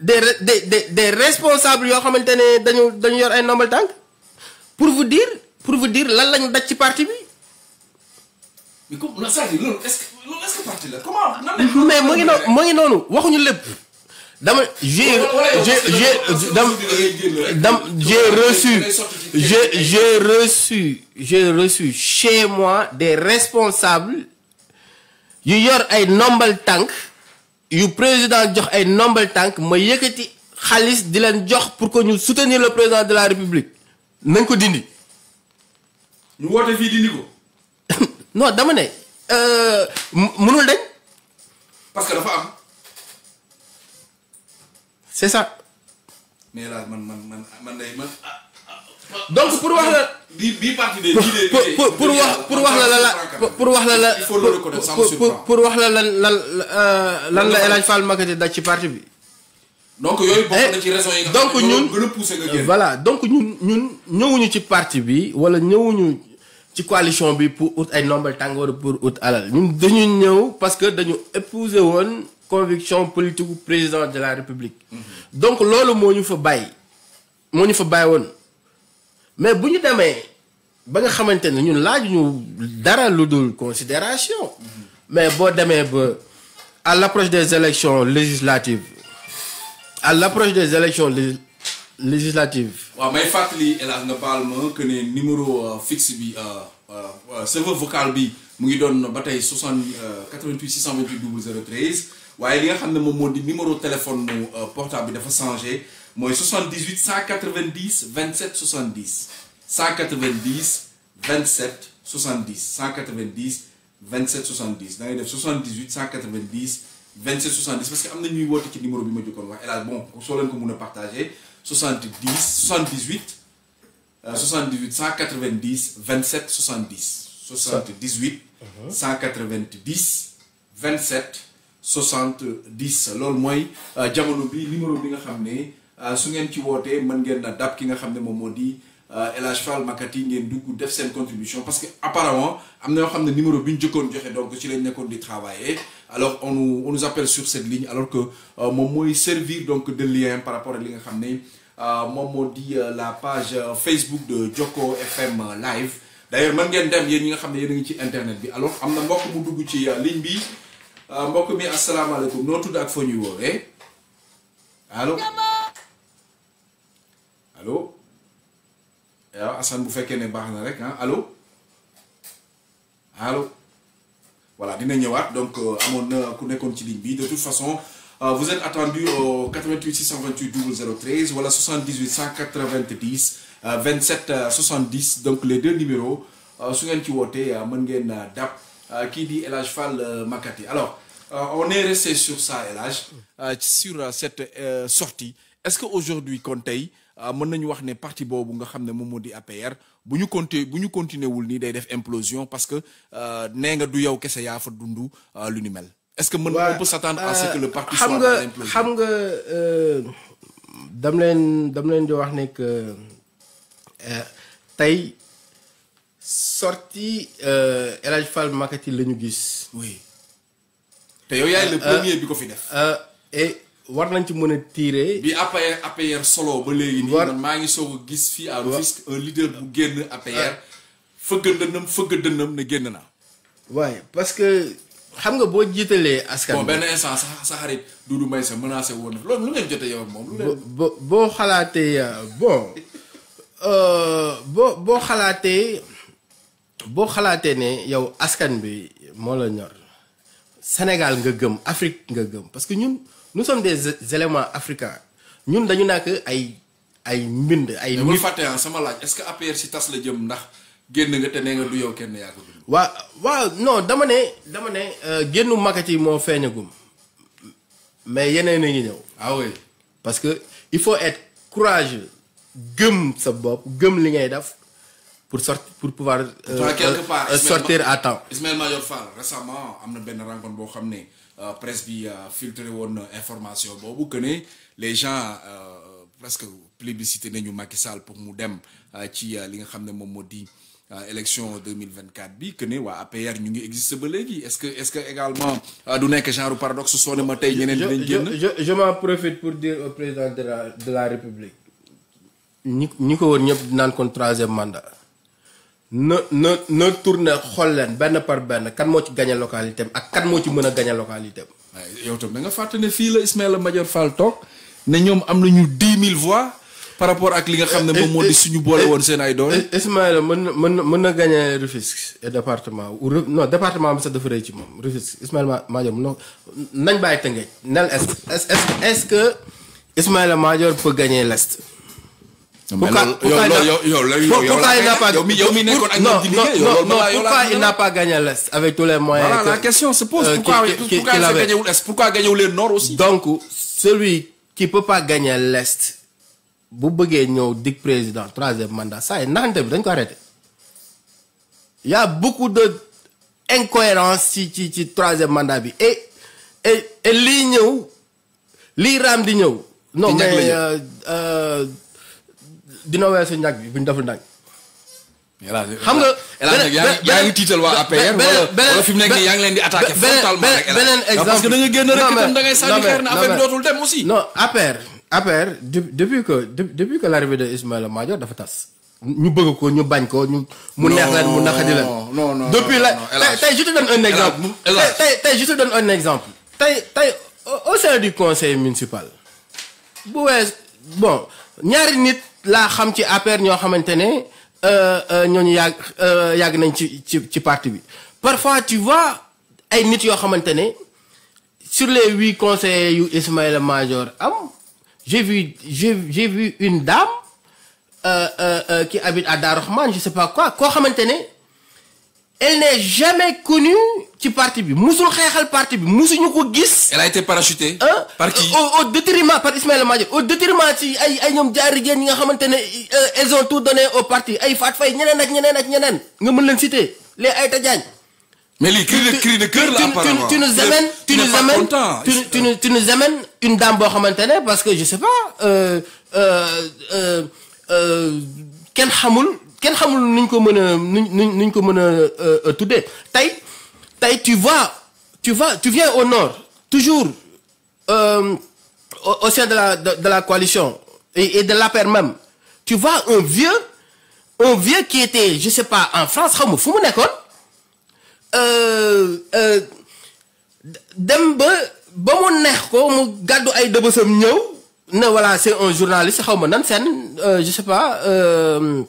des des des responsables yo xamantene dañu dañu yor ay ndombal tank pour vous dire pour vous dire lan lañu daj ci parti bi. mais comme la Sadio loolu est-ce que loolu est-ce que parti la comment nan lañu mais mo ngi non moo ngi noonu waxuñu lépp dama j'ai j'ai dama j'ai reçu j'ai j'ai reçu j'ai reçu chez moi des responsables yu yor ay ndombal tank yu président jox ay nombal tànk ma yëkkati xaalis di leen jox pour que ñu soutenir le président de la république nañ ko dindi. ñu woote fii dindi ko. non dama ne euh, mënul dañ. parce que dafa am. c'est ça. mais là man man. donc pour wax la. bi bi parti des idées pour wax pour wax la pour wax la il faut le reconnaître pour wax la lan euh, lan la El Fall makati daj ci parti bi. donc yoy bokk na eh, ci raison yi nga xam ne gën a nga génn voilà donc ñun ñun ñewuñu ci parti bi wala ñewuñu ci coalition bi pour ut ay nombal tangor pour ut alal ñun dañu ñew parce que dañu épouser won conviction politique président de la république. Mhm. donc loolu moñu fa bàyyi moñu fa bàyyi won mais si ñu demee ba nga nous avons ñun laaj dara considération mais boo ba à l'approche des élections législatives à l'approche des élections législatives. wa mais Fatli, El Hadj nga que numéro euh, fixe bi euh, euh, serveur vocal bi mu ngi doon 88 628 013 Vous avez li nga de numéro téléphone portable qui dafa changé moi 78 190 27 70 190 27 70 190 27 70 ngay 78 190 27 70 parce que amna ñuy woote ci numéro bi ma jikko wax hélas bon so leen ko mëna a 70 78 78 190 27 70 78 190 27 70 Lol moy jamono bi numéro bi nga xamné euh, su ngeen ci wootee mën ngeen na dab ki nga xam ne moom moo di euh, El Fall Makati ngeen dugg def seen contribution parce que apparemment am na yoo xam ne numéro bi ñu jëkkoon joxe donc ci lañ nekkoon di travailler alors on nous on nous appelle sur cette ligne alors que euh, moom mooy servir donc de lien par rapport à li nga xam ne moom moo di la page Facebook de Joko FM live d'ailleurs mën ngeen dem yéen ñi nga xam ne yéen a ngi ci internet bi alors am na mbokk mu dugg ci ligne bi mbokk mi asalaamaaleykum noo tudd ak foo ñuy woowee allo allo Assane bu rek ah, allo voilà dina ñëwaat donc à euh, mon ku ci ligne bi de toute façon euh, vous êtes attendu au 88 628 013 voilà 78 190 27 70 donc les deux numéros euh, su ngeen ci woté mën ngeen dàpp qui dit El Fall Makati alors on est resté sur ça Elage sur cette sortie est-ce que aujourd'hui euh, mën nañu wax ne parti boobu nga xam ne moom moo di APR bu ñu conti bu ñu continuer wul nii day def implosion parce que euh, nee nga du yow kese yaa fa dund euh, lu ni mel. est-ce que mën on peut s'attendre à ce que le parti soit xam nga xam nga dam leen dam leen di wax ne que tey sorti El Hadj Fall Makaty la ñu gis. oui te yow yaay le premier bi ko fi def. et. war nañ ci mën a tiire. bi APR APR solo ba léegi. nii man maa ngi soog a gis fii à Rufisque un leader bu génn APR. Ah. fëgg dënnam fëgg dënnam ne génn naa. waaye parce que xam nga boo jiitalee. askan bon benn sa sa xarit Doudou Mbaye sa menacé woon na loolu lu moom. boo xalaatee euh, bon euh, xalaatee boo xalaatee ne yow askan bi moo la ñor Sénégal nga gëm Afrique nga gëm parce ñun. nous sommes des éléments africains Nous, sommes. des éléments africains. mbind ay. des ah, est-ce que si tas la non dama ne dama ne euh, Makati mais ah oui parce que il faut être courageux sa pour pour pouvoir. Euh, euh, sortir à temps. Ismaël Mayor Fall récemment amna eu une rencontre euh, presse bi euh, filtré une euh, information Bon, que ne les gens presque plébiscité nañu Macky Sall pour mu qui ci li nga xam élection 2024 bi que ne APR ñu ngi est-ce que est-ce que également du nekk genre paradoxe soo ne ma tey ñeneen génn je je m'en profite pour dire au président de la de la république. nous ñi ko wër troisième mandat. na na na tourné xool leen benn par benn kan moo ci gagné localité am ak kan moo ci mën a gagné localité am. waaye yow tam da nga fàttali ne fii la Ismaïla Madior Fall toog ne ñoom am ñu dix mille voix. par rapport ak li nga xam ne moom moo di eh, eh, suñu boole eh, woon seen ay doole. Ismaïla mën na mën na mën na gagné Rufisque département wu non département bi sax dafa rëy ci moom Rufisque Ismaïla Madior non nañ bàyyi Tëngéej nel est est est-ce que Ismaïla Madior peut gagner pourquoi il n'a pas gagné l'Est avec tous les moyens La question se pose, euh, pourquoi, il a gagné l'Est Pourquoi gagné le Nord aussi Donc, celui qui ne peut pas gagner l'Est, vous au le président, troisième mandat, ça est Nantes, vous arrêter. Il y a beaucoup d'incohérences sur le troisième mandat. Et, et, et l'Iram Non, mais... dina weesu ñàkk bi bu ñu deful ndànk. xam nga. yaa ngi tiital waa APR. wala fi mu nekk yaa ngi leen di attaqué frontalement rek beneen exemple parce que da nga génn rek itam da ngay sànni xeer que depuis que l'arrivée de Ismaïla Madior dafa tas. ñu bëgg ko ñu bañ ko ñu. mu neex leen mu naqadi leen. non non depuis la tey je te un exemple. tey te donne un exemple. tey tey au sein du conseil municipal. bu wees ñaari nit. la xam ci APR euh euh ñoñu yag euh yag nañ ci ci parti bi parfois tu vois ay nit yo xamantene sur les huit conseillers yu Ismaël Major am j'ai vu j'ai j'ai vu une dame euh euh, euh qui habite à Darou je sais pas quoi ko xamantene ne elle n'est jamais connue qui parti bi musul xeexal parti bi musuñu ko gis. elle a été parachutée. Hein? par qui au au détriment par Ismaël Madior au détriment ci ay ay ñom jaar géen nga xamantene euh, elles ont tout donné au parti ay fat fay ñeneen ak ñeneen ak ñeneen nga mën leen citer les Aïta Diagne. mais lii cri de cri de cœur la apparemment tu nous amènes tu nous amènes tu tu, tu nous amènes une dame bo xamantene parce que je sais pas euh euh euh, euh ken xamul ken xamul nuñ ko mën a nuñ ko mën a euh, euh, tuddee tey tey tu vois tu vas tu viens au nord toujours euh, au, au, sein de la de, de la coalition et, et de l'APR même tu vois un vieux un vieux qui était je sais pas en France xaw ma fu mu nekkoon euh, dem ba ba mu neex ko mu gàddu ay dëbësam ñëw ne voilà c'est un journaliste xaw ma nan seen je sais pas. Euh,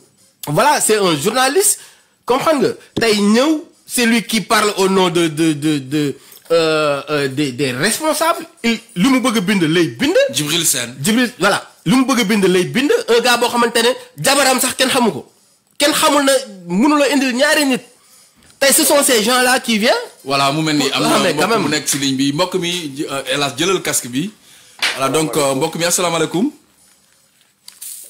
voilà c'est un journaliste comprends nga Taïnou, c'est lui qui parle au nom de de de de euh, euh, des des responsables il lu mu bind lay bind. Djibril Sen. Djibril voilà lu mu bëgg bind lay bind un gars boo xamante ne jabaram sax kenn xamu ko xamul na mënula indil ñaari nit ce sont ces gens là qui viennent. voilà mu mel ni am na ah, mbokk mu nekk ci ligne bi mbokk mi euh, hélas jëlal casque bi. voilà donc euh, mbokk mi asalaamaaleykum.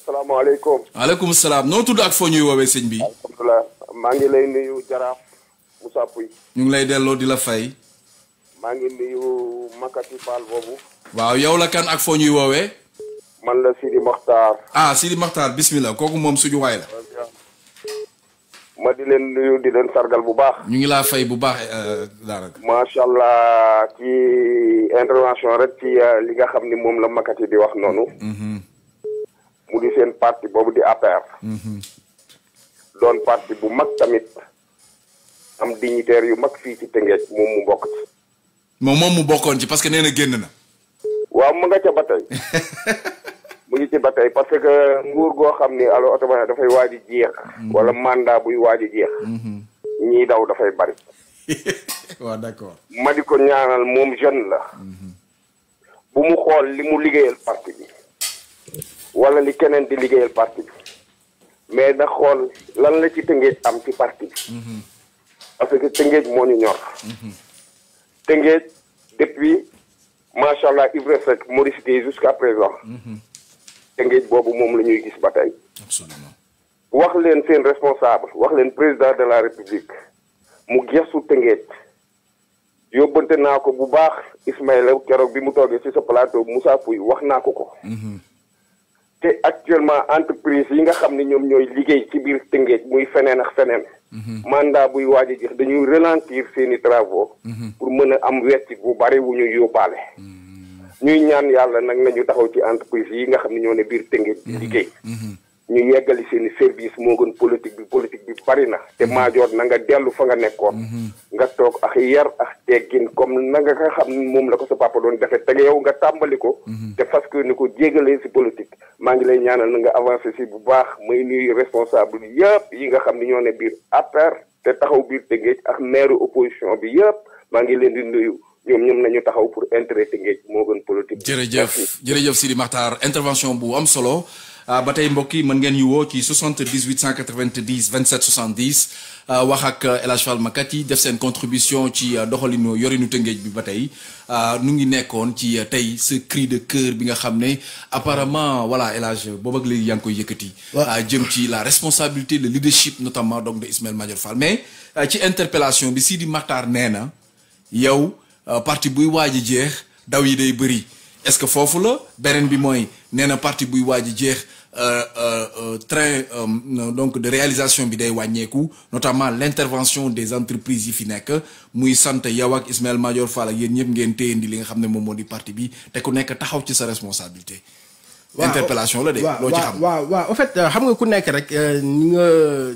salaamaaleykum. waaleykum salaam noo ak foo ñuy woowee sëñ bi. alhamdulilah maa ngi lay nuyu jaraaf Moussa Pouy. ñu ngi lay delloo di la fay. maa ngi nuyu Makati Fall boobu. waaw yow la kan ak foo ñuy woowee. man la Sidi Makhtar. ah Sidi Makhtar bismillah kooku moom suñu waay la. ma di leen nuyu di leen sargal bu baax. ñu ngi laa fay bu baax euh, daanaka. macha allah ci intervention rek ci euh, li nga xam ni moom la Makati di wax noonu. Mm-hmm. mu di seen parti boobu di APR. Mhm. doon parti bu mag tamit am dignitaire yu mag fii ci Tengej moom mu bokk ci. moom moom mu bokkoon ci parce que nee na génn na. waaw mu nga ca ba tey mu ngi ci ba tey parce que nguur goo xam ni alors automatiquement dafay waaj jeex. Mhm. wala mandat buy waaj a jeex. Mhm. ñii daw dafay bari. waaw d'accord. ma di ko ñaanal moom jeune la. bu mu xool li mu liggéeyal parti bi. wala li keneen di liggéeyal parti bi mais na xool lan la ci tëngéej am ci parti bi mhm. parce que tëngéej moo ñu ñor mhm. tëngéej depuis macha allah Ibrahima Seck Maurice Gueye jusqu'à présent mhm. tëngéej boobu moom la ñuy gis ba tey wax leen seen responsable wax leen président de la république mu gestu tëngéej yóbbante naa ko bu baax Ismaïla keroog bi mu toogee ci sa plateau Moussa fouy wax naa ko ko te actuellement entreprise yi nga xam ne ñoom ñooy liggéey ci biir Tëngéej muy feneen ak feneen. Mhm. mandat buy waaj a dañuy ralentir seeni i mhm. pour mën a am wecc bu bari wu ñu yóbbaale. Mhm. ñuy ñaan yàlla nag nañu taxaw ci entreprise yi nga xam ne ñoo biir Tëngéej liggéey. ñu yeggali seen service moo gën politique bi politique bi bari na te mhm. major na nga dellu fa nga nekkoon mhm. nga toog ak yar ak teggin comme na nga nga xam moom la ko sa papa doon defe te yow nga tàmbali ko mhm. te fas que ni ko jégalee si politique maa ngi lay ñaanal na nga avancé si bu baax may nuy responsable yëpp yi nga xam ni ñoo ne biir APR te taxaw biir tëngeej ak maire opposition bi yëpp maa ngi leen di nuyu ñoom ñoom nañu taxaw pour intérêt tëngeej moo gën politique jërëjëf jërëjëf Sidi Makhtar intervention bu am solo Ah, ba tey mbokk yi mën ngeen ñu woo ci 78 27 70 wax ak euh, El Hadj def seen contribution ci euh, doxalinu yorinu Tëngéej bi ba tey nu ah, ngi nekkoon ci euh, tey ce cri de cœur bi nga xam ne apparemment voilà El Hadj boobu ak léegi yaa ngi koy yëkkati. Ah, ci la responsabilité le leadership notamment donc de Ismaël Major Fall mais ci interpellation bi Sidi matar nee na yow parti buy waaj jeex daw yi day bëri est-ce que foofu la beneen bi mooy nee parti buy waaj jeex. Euh, euh, euh, train donc de réalisation bi day notamment l'intervention des entreprises yi fi nekk muy sant yow Ismaël Madior Fall ak yéen ñëpp ngeen téyandi li nga xam mom modi parti bi te ku nek taxaw ci sa responsabilité. interpellation la de lo ci xam waaw waaw en fait xam nga ku nek rek ni nga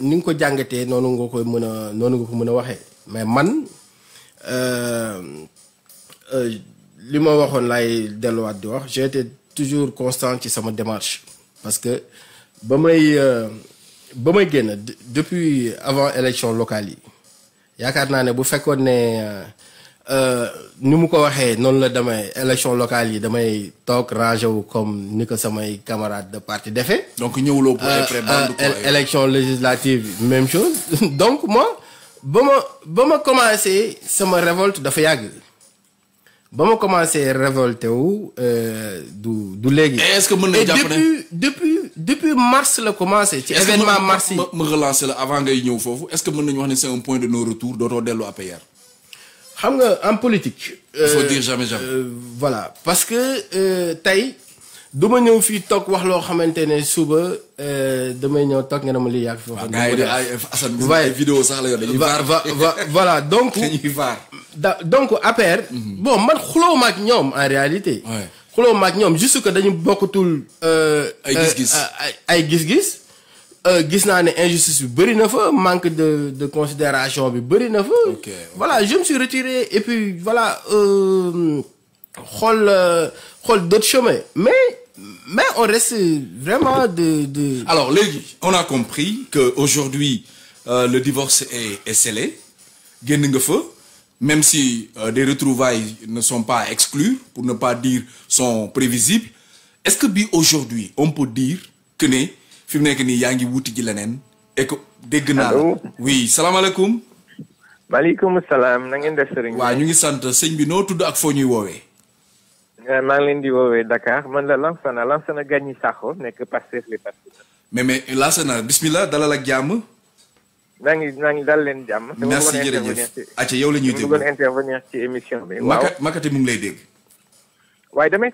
ni nga ko jàngatee nonu nga ko mën nonu nga ko mën a mais man. li ma lay laay wat di wax j'ai été toujours constant ci sama démarche parce que ba may euh, ba depuis avant élection locale yi yaakaar naa ne bu fekkoon ne euh, euh nous ko waxee non la damay élection locale yi damay toog rangé wu comme ni ko samay camarades de parti defee. donc ñëwuloo pour euh, élection législative même chose donc moi ba ma ba ma commencé sama révolte dafa yàgg ba ma commencé révolté euh, du du est depuis depuis depuis mars le commencé. ci événement mars me me relancer avant que ñëw fofu. est-ce que mën nañu wax c'est un point de nos retours de Rodello APR. payer? nga en politique. il faut euh, dire jamais jamais. Euh, voilà parce que euh, taille, duma ñëw fii toog wax loo xamante ne suba euh, damay ñëw toog nga ne ma lii yàgg foofu. waaw vidéo sax la yor dañuy vaar voilà donc dañuy vaar. donc APR. Mhm. bon man xuloo ma ak ñoom en réalité. xuloo ma ak ñoom juste que dañu bokkutul. Euh, ay gis-gis euh, ay gis-gis. gis naa ne injustice bi bëri na fa manque de de considération bi bëri na fa. voilà je me suis retiré et puis voilà xool xool d'autres chemins mais mais on reste vraiment de. Alors, on a compris que aujourd'hui euh, le divorce est, scellé même si euh, des retrouvailles ne sont pas exclues pour ne pas dire sont prévisibles est-ce que aujourd'hui on peut dire que ne que na ngeen ñu ngi maa eh, ngi leen di woowee Dakar man la Lansana Lansana Gagny Sakho nekk Pastef les Patriotes. mais mais Lansana bismillah dalal ak jàmm. maa ngi maa ngi dal leen jàmm. merci jërëjëf acca yow la ñuy bëggoon intervenir ci émission bi. waaw Makati mu ngi lay dégg. waaye damay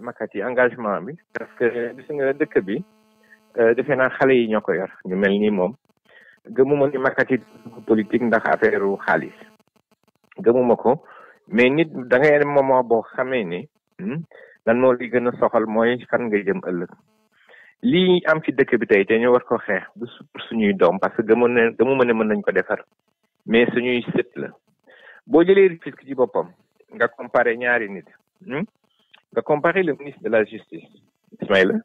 Makati engagement bi. parce que gis nga dëkk bi euh, defe naa xale yi ñoo ko yor ñu mel ni moom. gëmuma ni Makati politique ndax affaire xaalis. gëmuma ko. mais nit da ngay dem boo xamee ni hmm, lan moo li gën a soxal mooy fan nga jëm ëllëg lii am ci dëkk bi tey te ñu war ko xeex du suñuy doom parce que gëmu ne gëmu ne mën nañ ko defar mais suñuy sët la boo jëlee risque ci boppam nga comparé ñaari nit hmm, nga comparé le ministre de la justice Ismaïla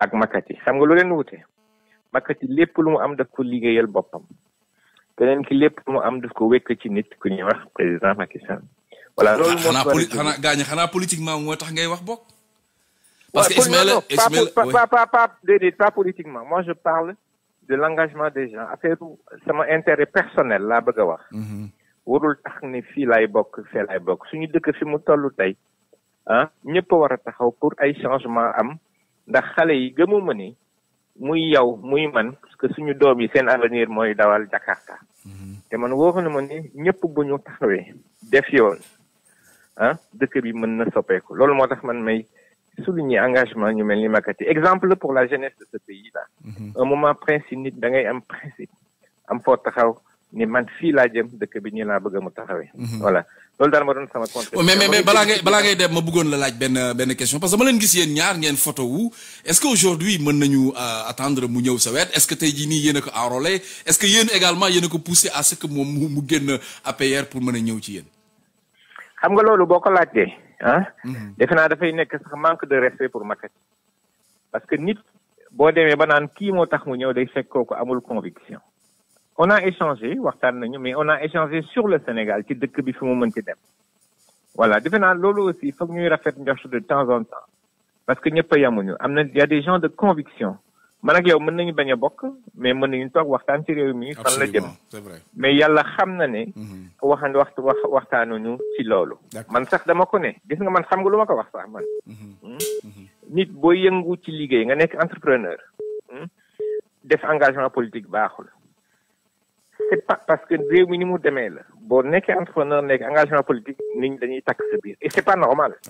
ak Makati xam nga lu leen wute Makati lépp lu mu am def ko liggéeyal boppam keneen ki lépp lu mu am def ko wekk ci nit ku ñuy wax président Macky voilà loolu moo xanaa poli xanaa gaañ politiquement motax ngay wax bok parce que Ismaël Ismaël pas pas pas déedéet pas politiquement moi je parle de l'engagement des gens affaire sama intérêt personnel la bëgg a wax. Mhm. warul tax ni fi lay bok fi lay bok suñu dëkk fi mu toll tay hein ah, ñepp wara taxaw pour ay changement am ndax xalé yi gëmuma ni muy yow muy man parce que suñu doom yi seen avenir mooy dawal Jakarta. Mhm. te man wóor na ma ni ñëpp bu ñu taxawee def yoon ah dëkk bi mën na soppeeku loolu moo tax man may souligner engagement ñu mel ni exemple pour la jeunesse de ce pays là. Mhm. un moment principe nit da ngay am principe am foo taxaw ni man fii laa jëm dëkk bi ñu laa bëgg mu taxawee. Mhm. voilà loolu daal ma doon sama compte. Oh, mais mais mais balaa ngay balaa ngay dem ma bëggoon la laaj benn benn question parce que ma leen gis yéen ñaar ngeen photo wu est-ce que aujourd'hui mën nañu euh, attendre mu ñëw sa wet est-ce que tey jii nii yéen a ko enrôlé est-ce que yéen également yéen a ko poussé à ce que moom mu génn APR pour mën a ñëw ci yéen xam nga loolu boo ko laajtee ah. Mhm. defe naa dafay nekk sax manque de respect pour Macky parce que nit boo demee ba naan kii moo tax mu ñëw day fekk kooku amul conviction. on a échangé waxtaan nañu mais on a échangé sur le Sénégal ci dëkk bi fi mu mën ci dem. voilà defe naa loolu aussi foog ñuy rafet njort de temps en temps parce que ñëpp a yamuñu am na y a des gens de conviction. man ak yow mën nañu bañ a bokk mais mën nañu toog waxtaan ci réew mi fan la jëm mais yàlla xam na ne mhm. waxan waxtu wax ñu ci loolu man sax dama ko ne gis nga man xam nga lu ma ko wax sax man mhm. Hmm? Mhm. nit boo yëngu ci liggéey nga nekk entrepreneur hmm? def engagement politique baaxul c'est pas parce que réew mi ni mu demee la boo nekkee entrepreneur nekk engagement politique nit lañuy dañuy takk sa biir et c'est pas normal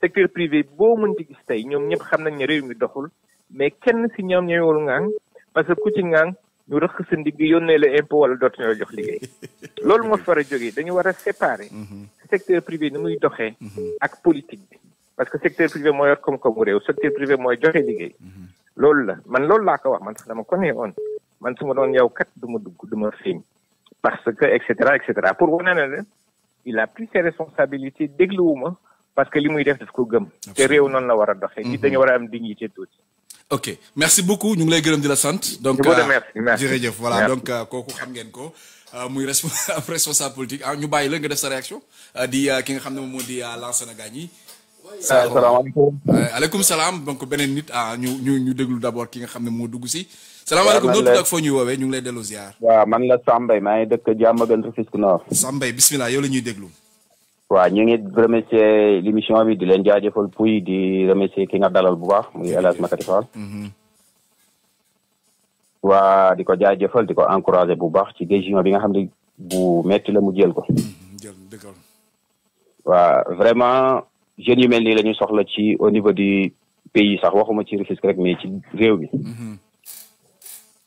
secteur privé boo mën ci gis tey ñoom ñëpp xam nañ ne réew mi doxul mais kenn si ñoom ñëwul ngang parce que ku ci ngang ñu rëq sa ndigg yónnee la impôt wala dootuñu la jox liggéey loolu moo fi war a jógee dañu war a séparer mhm. secteur privé ni muy doxee mhm. ak politique bi parce que secteur privé moo yor comme koomu réew secteur privé mooy joxe liggéey mhm. loolu la man loolu laa ko wax man sax dama ko nee woon man su ma doon yow kat du ma dugg du ma feeñ parce que et cetera et cetera pour wane na la il a pris ses responsabilités dégluwuma parce que li muy def daf ko gëm te réew noonu la war a doxee nit dañu war a am dignité tuuti ok merci beaucoup ñu ngi lay gërëm di la sant. donc euh, jëf voilà donc euh, kooku xam ngeen ko. Euh, muy responsable politique ah ñu bàyyi la nga def sa réaction di ki nga xam ne moom moo di Lansana Gagny. salaamaaleykum aleykum salaam donc beneen nit ah ñu ñu ñu déglu d' abord ki nga xam ne moo dugg si. salaamaaleykum noo tudd ak woowee ñu ngi lay delloo ziar. waaw man la Sambay maa ngi dëkk Diamaguène Rufisque Nord. Sambay bismillah yow la ñuy déglu. waaw ñu ngi remercier l'émission bi di leen jaajëfal puy di remercier ki nga dalal bu baax muy El Hadj Makati Fall mhm. waa di ko jaajëfal di ko encouragé bu baax ci décision bi nga xam ne bu metti la mu jël ko mhm, waa vraiment jeunes yu mel nii la ñu soxla ci au niveau du pays sax waxuma ci Rufisque rek mais ci réew mi mhm.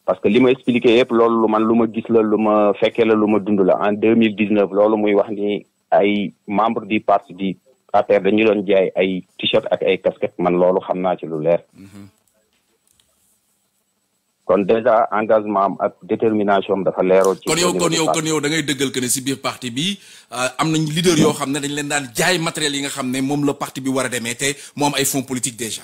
parce que li ma expliqué yépp loolu man lu ma gis la lu ma fekkee la lu ma dund la en 2019 loolu muy wax ni ay membre du parti di APR dañu doon jaay ay t-shirt ak ay casquette man loolu xam naa ci lu leer mhm. kon déjà engagement ak détermination am dafa leeroo ci kon yow kon yow kon ngay dëggal que si biir parti bi euh, am nañ leader yoo xam ne dañ leen daan jaay matériel yi nga xam ne moom la parti bi war a demee te moom ay fonds politique déjà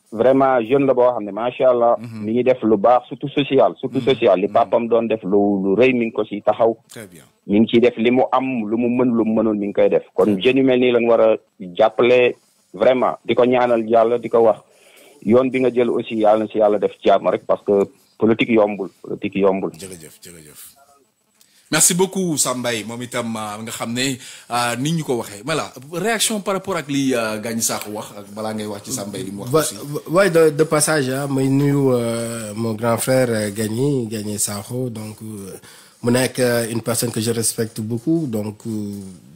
vraiment jeune la boo xam ne macha allah. Mhm. mi ngi def lu baax surtout social. surtout mhm. social li mhm. papam doon def lu lu rëy mi ngi ko si taxaw. très bien ngi ciy def li mu am lu mu mën lu mu mi ngi koy def kon jeune yu mel nii lañ war a jàppale vraiment di ko ñaanal yàlla di ko wax yoon bi nga jël aussi yàlla na si yàlla def jàmm rek parce que politique yombul politique yombul. jërëjëf jërëjëf. merci beaucoup Sam Mbaye moom itam ah, nga xam ne ah, ni ñu ko waxee voilà réaction par rapport à li que ah, Sakho wax ak balaa ngay wax ci Sam Mbaye wax de de passage ah nuyu euh, mon grand frère euh, Gagné, Gagné Sakho donc euh, mu une personne que je respecte beaucoup donc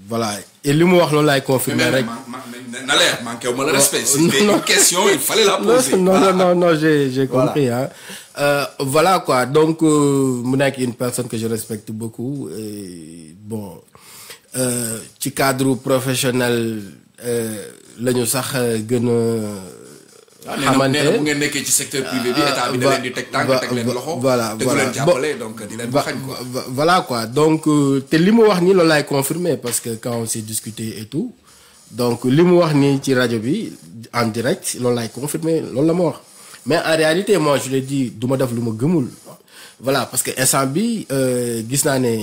voilà et l'humour là wax il laay confirmer rek. manquez-moi le respect. c'était une question il fallait la poser. non non non j'ai j'ai compris hein. Euh, voilà quoi donc euh, mona est une personne que je respecte beaucoup et bon tu euh, cadre professionnel euh, ñu sax que ah, xamante ne bu ngeen nekkee ci secteur privé bi ah, état bi da leen di teg tànk teg leen loxo. voilà voilà du leen jàppale donc di leen ko quoi. voilà quoi donc euh, te li mu wax ni loolu laay confirmer parce que quand on s'est discuté et tout donc li mu wax ni ci rajo bi en direct loolu laay confirmer loolu la ma wax mais en réalité moi je l'ai dit du ma def lu ma gëmul. voilà parce que instant bi euh, gis naa ne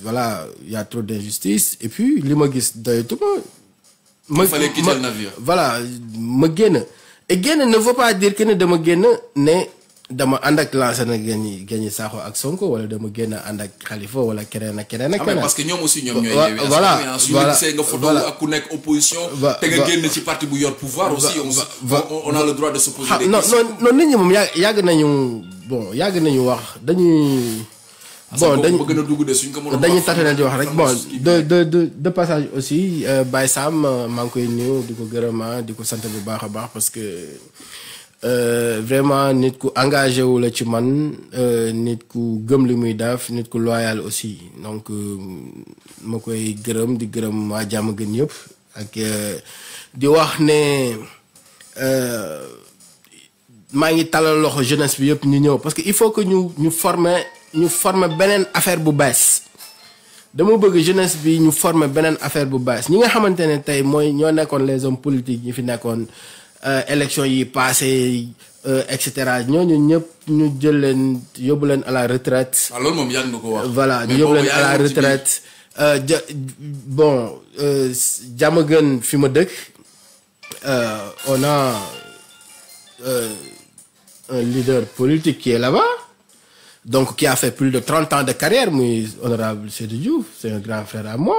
voilà y a trop d'injustice et puis li ma gis doyatuma. ma ma fallait quitter le navire. voilà ma génn et bien ne veut pas dire que ne dama génn ne dama ànd de ak Sonko wala dama Khalifa wala ah, parce que ñom aussi voilà hein. voilà nga photo ak ku nek opposition. te nga sommes ci parti bu yor pouvoir. aussi on a le droit de se poser des questions. non non non nit ñi nañu bon nañu wax dañuy. bon dañu gën a dugg de suñ ko a dañuy tàttale di wax rek bon de de de passage aussi euh, Baye Sam euh, maa ngi koy nuyu di ko gërëmaa ah, di ko sant bu baax a baax parce que euh, vraiment nit ku engagé wu ci man nit ku gëm li muy daaf nit ku loyal aussi donc ma koy gërëm di gërëm waa jàmm gën yëpp ak di wax ne maa ngi talal loxo jeunesse bi yëpp ñu ñëw parce que il faut que ñu ñu ñu former beneen affaire bu bees dama bëgg jeunesse bi ñu former beneen affaire bu bees ñi nga xamante ne tey mooy ñoo nekkoon les hommes politiques yi fi nekkoon euh, élection yi passé euh, et cetera ñooñu ñëpp ñu jël leen yóbbu leen à la retraite. waaw ah, loolu moom yàgg ko wax. voilà ñu yóbbu leen à la retraite euh, bon jàmm gën fi ma dëkk on a un leader politique qui est là-bas donc qui a fait plus de 30 ans de carrière, mais honorable c'est un grand frère à moi.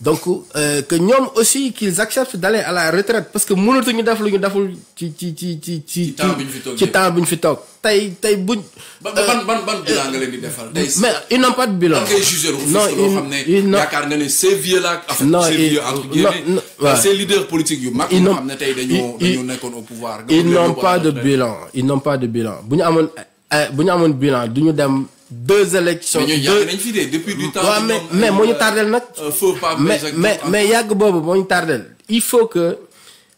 Donc euh, que nous aussi qu'ils acceptent d'aller à la retraite parce que nous euh, bilan mais ils n'ont pas de bilan ils ils n'ont pas de bilan ils n'ont pas de bilan Eh, bu ñu amoon bilan du ñu dem deux élections. mais nañ fi de depuis du mais mais euh, tardel nag. Euh, mais mais yàgg boobu moo ñu tardel il faut que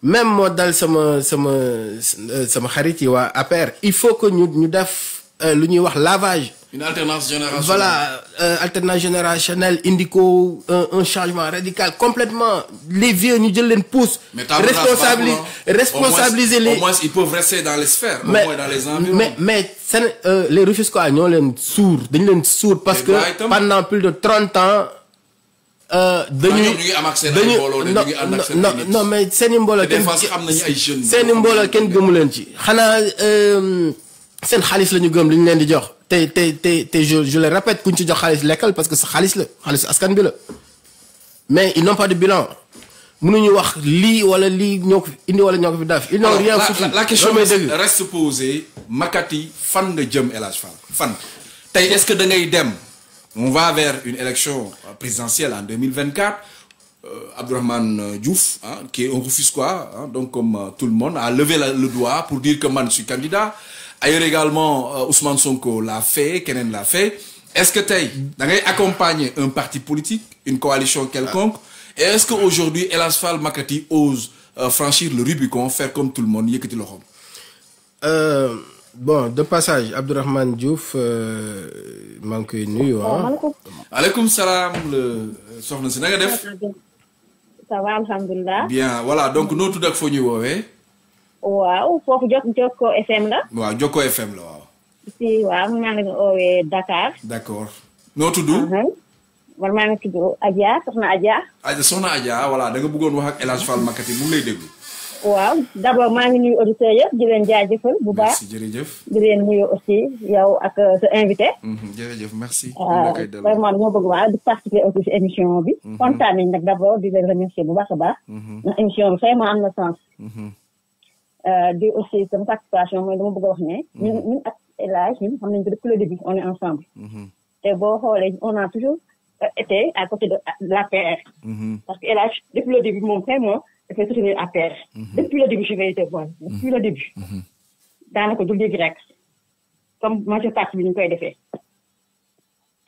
même moo dal sama sama euh, sama xarit yi waa APR. il faut que ñu ñu def lu ñuy wax lavage. Une alternance générationnelle. Voilà, euh, alternance générationnelle, indico, un, changement radical. Complètement, les vieux, nous poussent. Hein. responsabiliser les. Au moins, ils peuvent rester dans les sphères, mais, dans les environs. Mais, euh, les ils sourds. parce que pendant plus de 30 ans, euh, non mais c'est un qui de C'est un je je le répète ci parce que c'est khalis la askan bi mais ils n'ont pas de bilan mënuñu wax li wala li ñoko indi wala fi ils n'ont rien foutu la question reste posée Makati fan de jëm El Hadj fan est-ce que da ngay dem on va vers une élection présidentielle en 2024 euh, Abdourahmane euh, Diouf hein, qui est un Rufisquois hein? donc comme euh, tout le monde a levé le doigt pour dire que man je suis candidat ailleurs également euh, Ousmane Sonko l'a fait Kenen l'a fait est-ce que tu a accompagné un parti politique une coalition quelconque et est-ce qu'aujourd'hui, El Asfal Makati ose euh, franchir le Rubicon faire comme tout le monde le euh, bon de passage Abdourahmane Diouf il manque une nuit. ah. salam, salam, ça va bien voilà donc nous tout d'accord foo ñuy waaw foofu jok Jokko FM la. waaw Jokko FM la waaw. si waaw man maa ngi leen oowee Dakar. d'accord noo tudd. Uh-huh. man maa ngi tudd Adja soxna Adja. Adja soxna Adja wax ak El Hadj Fall mu lay déglu. waaw d'abord maa ngi nuyu auditeurs yëpp di leen jaajëfal bu baax. merci jërëjëf. di leen aussi yow ak euh, sa invité. Mm-hmm, jërëjëf merci. waaw euh, vraiment dañoo bëgg waaw di participer aussi émission bi. Mm-hmm. kontaan nañ nag d'abord di leen remercier bu baax a baax. Mm-hmm. émission bi vraiment am na sens. Euh, de aussi sama satisfaction mooy dama bëgg a wax ne. Mhm. ñun ñun ak El Hadj ñun xam depuis le début on est ensemble. Mhm. et boo xoolee on a toujours euh, été à côté de la l'APR. Mhm. parce que El Hadj depuis le début mon moom vraiment dafay soutenir APR. depuis le début je vais te voir depuis le début. daanaka du léegi rek comme major parti bi ñu koy defee.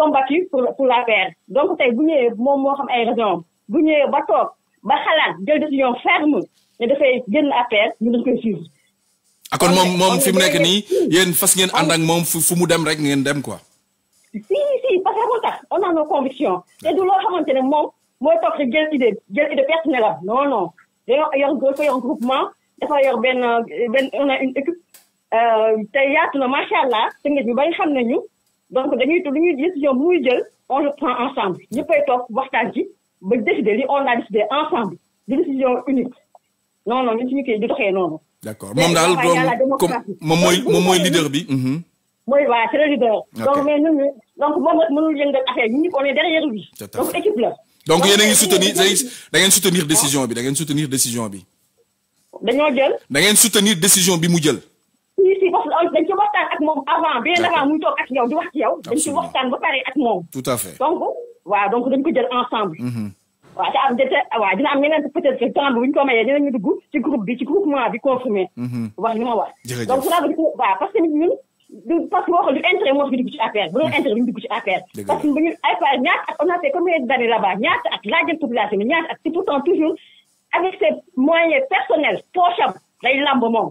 combattu pour pour paix donc c'est bu ñëwee mon xam ay raison bu ñëwee ba toog ba xalaat jël décision ferme ne dafay génn APR ñu dañ koy suivre. Ah, kon moom ah, moom fi mu nekk nii yéen fas ngeen si si parce que on a nos convictions te du loo xamante ne moom Moi, idée personnelle non non yor groupement yor ben on a une équipe euh, te yaatu na macha te xam donc dañuy lu décision on le prend ensemble toog waxtaan ci ba décider li on a décidé ensemble décision unique non non une ñu di doxee noonu. d' comme leader bi. Mhm. le leader. donc mais donc derrière lui. donc équipe donc décision bi soutenir décision bi fii si bopp dañ ci waxtaan ak moom avant bien avant muy toog ak yow di wax ci yow. dañ ci waxtaan ba pare ak moom. tout à fait donc waaw donc dañ ko jël ensemble. Mm-hmm. waaw te am dete waaw dina am yeneen peut être temps bi buñ ñu ko mayee dinañu dugg ci groupe bi ci groupement bi confirmé. Mm-hmm. wax li ma wax. donc ça veut dire waaw parce que ñun du parce que waxul du intérêt moo tax dugg ci APR bu doon intérêt bu dugg ci APR. parce que bu ñu APR ñaata at on a fait combien d'années là-bas ñaata at laajal population bi ñaata at te pourtant toujours avec ses moyens personnels poche am lay lamb moom.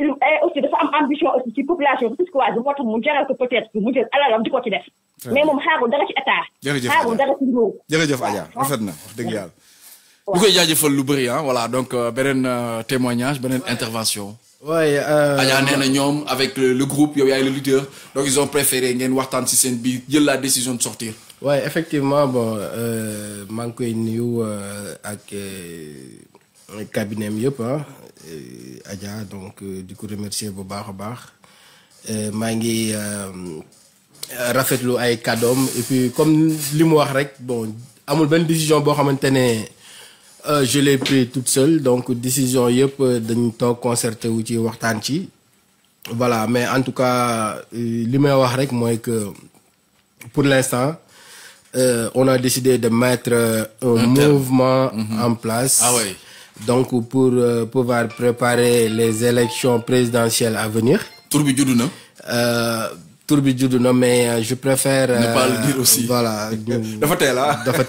aussi dafa am ambition aussi ci population bi puisque moo tax mu jaral ko peut-être mu jël alalam di ko ci def. mais moom xaarul dara ci état. jërëjëf Adja dara ci nguur. jërëjëf Adja rafet na wax dëgg yàlla. ñu koy jaajëfal lu bëri ah voilà donc euh, beneen euh, témoignage beneen intervention. oui. Euh, Adja nee na ñoom avec le groupe yow yaay le leader donc ils ont préféré ngeen waxtaan ci seen biir jël la décision de sortir. oui effectivement bon maa ngi koy nuyu ak cabinet yëpp ah. Euh, Adja donc euh, du coup remercier Boba baax a baax euh, maa rafetlu ay et puis comme limu bon wax rek bon amul ben décision bo xamantene euh, je l'ai pris toute seule donc décision yep dañu toog concerté wu ci waxtan ci voilà mais en tout cas li moi wax rek que pour l'instant on a décidé de mettre un mouvement mm-hmm. en place ah oui donc pour euh, pouvoir préparer les élections présidentielles à venir. Tourbillon non juddu non, euh, tur bi mais euh, je préfère. ne pas le dire aussi voilà. dafa teel ah dafa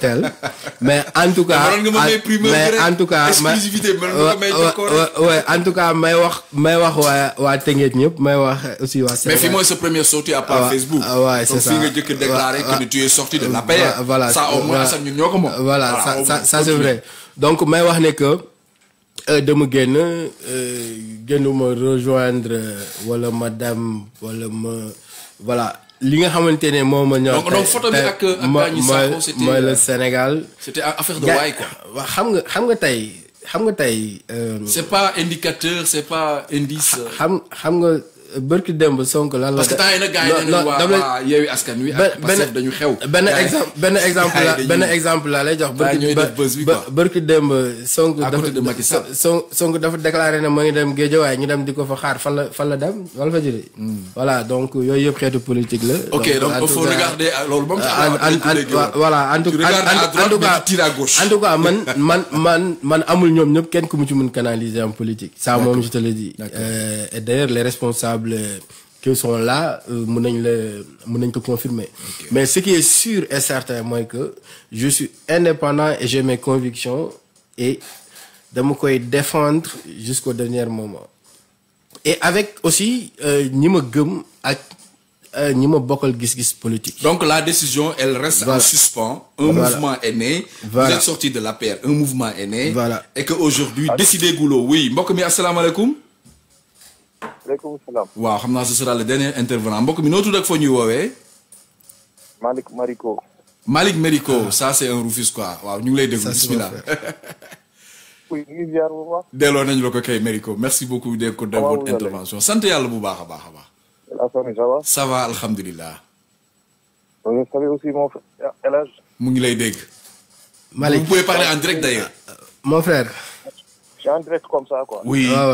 mais en tout cas mais en tout cas. exclusivité en tout cas may wax may wax waa Je Tëngéej Mais may wax aussi waa. Sénégal mais fii mooy sa première sortie à part Facebook. ouais, c'est ça donc fii que déclaré que tu es sorti de la paix. voilà ça au moins ça ñun ñoo ko voilà ça ça c'est vrai donc mais wax ne que. Euh, dama génn euh, me rejoindre voilà c'était affaire de c'est pas indicateur c'est pas indice. Euh bërki démb Sonko la. parce que tay na nag gars yi dañu waa askan wi. ak ben- ben- dañu xew. ben exemple ben exemple la benn exemple la lay jox. bërki bërki démb euh, Sonko dafa Sonko dafa déclarer ne ma ngi dem Géejawaay ñu dem diko fa xaar fan la fan la dem wala fa jëlee. Hmm. voilà donc yooyu yëpp xeetu politique la. ok donc il faut regarder euh, loolu ba voilà en tout cas en tout cas man man man man amul ñom ñep kenn ku mu ci mën canaliser en politique. ça moom je te le dis. Euh, et d'ailleurs les responsables que sont là euh, mën nañ confirmer mais ce qui est sûr et certain c'est que je suis indépendant et j'ai mes convictions et de défendre jusqu'au dernier moment et avec aussi ni euh, ma gëm ak me euh, ma gis-gis politique. donc la décision elle reste en suspens. un mouvement est né. vous êtes sorti de la paire. un mouvement est né. et que aujourd'hui Goulot. oui mbokk mi alaikum waaleykum salaam. waaw xam naa ce sera le dernier intervenant mbokk mi noo tudd ak foo ñuy woowee. Malick Marico. Malick Marico ça c'est un quoi waaw ñu ngi lay déglu bismillah. delloo nañu la ko kay Marico merci beaucoup de ko de votre intervention sant yàlla bu baax a baax a baax. ça va. alhamdulilah. vous aussi mon frère El mu ngi lay dégg. Malick vous pouvez parler en direct d'ailleurs. Euh, mon frère. en direct comme ça quoi. oui waaw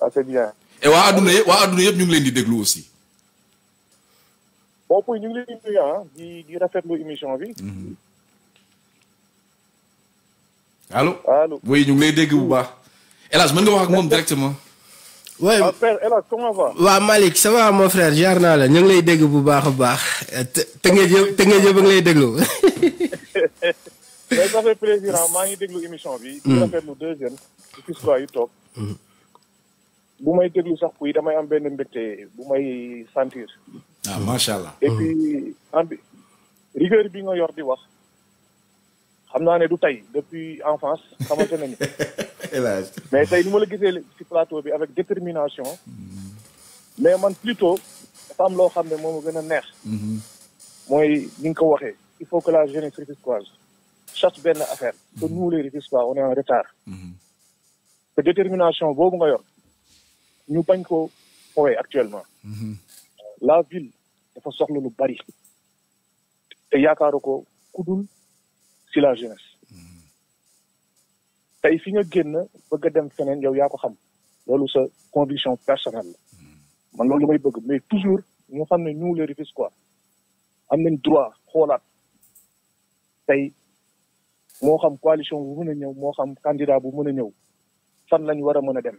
ah c'est bien. et wa adduna wa waa yeb ñu ngi leen di déglu aussi. bon pour ñu ngi leen di nuyu ah, di di rafetlu émission bi. Mm-hmm. Allô. Allô. oui ñu ngi lay dégg bu baax. Elage mën nga wax ak moom directement. oui ah, comment va. Wa Malik, ça va mon frère jaar la ñu ngi lay dégg bu baax baax te ngeen te ngeen jëf déglu. mais ça fait plaisir ah, maa ngi déglu émission bi. Mm. di rafetlu deux jeunes bu may déglu sax kuy damay am benn mbégte bu may sentir. ah machallah. et puis ambi rigueur bi nga yor di wax xam naa ne du tey depuis enfance xamante nañu. mais tey ni ma la gisee ci plateau bi avec détermination. Mm-hmm. mais man plutôt dafa am loo xam ne moom gën a neex. Mm-hmm. mooy ni nga ko il faut que la jeunesse rufisquoise chasse benn affaire que nous les Rufisquois on est en retard. te mm-hmm. détermination boobu nga yor ñu bañ ko actuellement. Mhm. la ville faut soxla lu bari. et yaakaaru ko kudul si la jeunesse. tay fi nga genn bëgg dem feneen yow yaa ko xam. loolu sa condition personnelle mhm. man loolu may bëgg mais toujours ñu xam ne ñu les Rufisque quoi am nañ droit xoolaat tay mo xam coalition bu mën a ñëw moo xam candidat bu mën ñëw fan lañ wara a dem.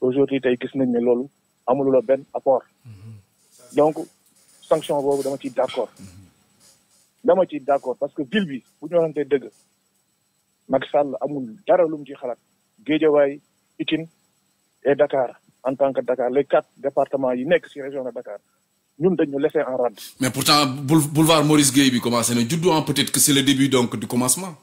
aujourd'hui tay gis nañ ne loolu amul la benn apport donc sanction boobu dama ciy d'accord dama ciy d'accord parce que ville bi bu ñu warante dëgg Macky Sall amul dara lu mu ci xalaat Guédiawaye Pikine et Dakar en tant que Dakar les quatre départements yi nekk ci région de Dakar ñun dañu laisser en rade mais pourtant boulevard Maurice gueye bi commencé na juddu en hein. peut-être que c'est le début donc du commencement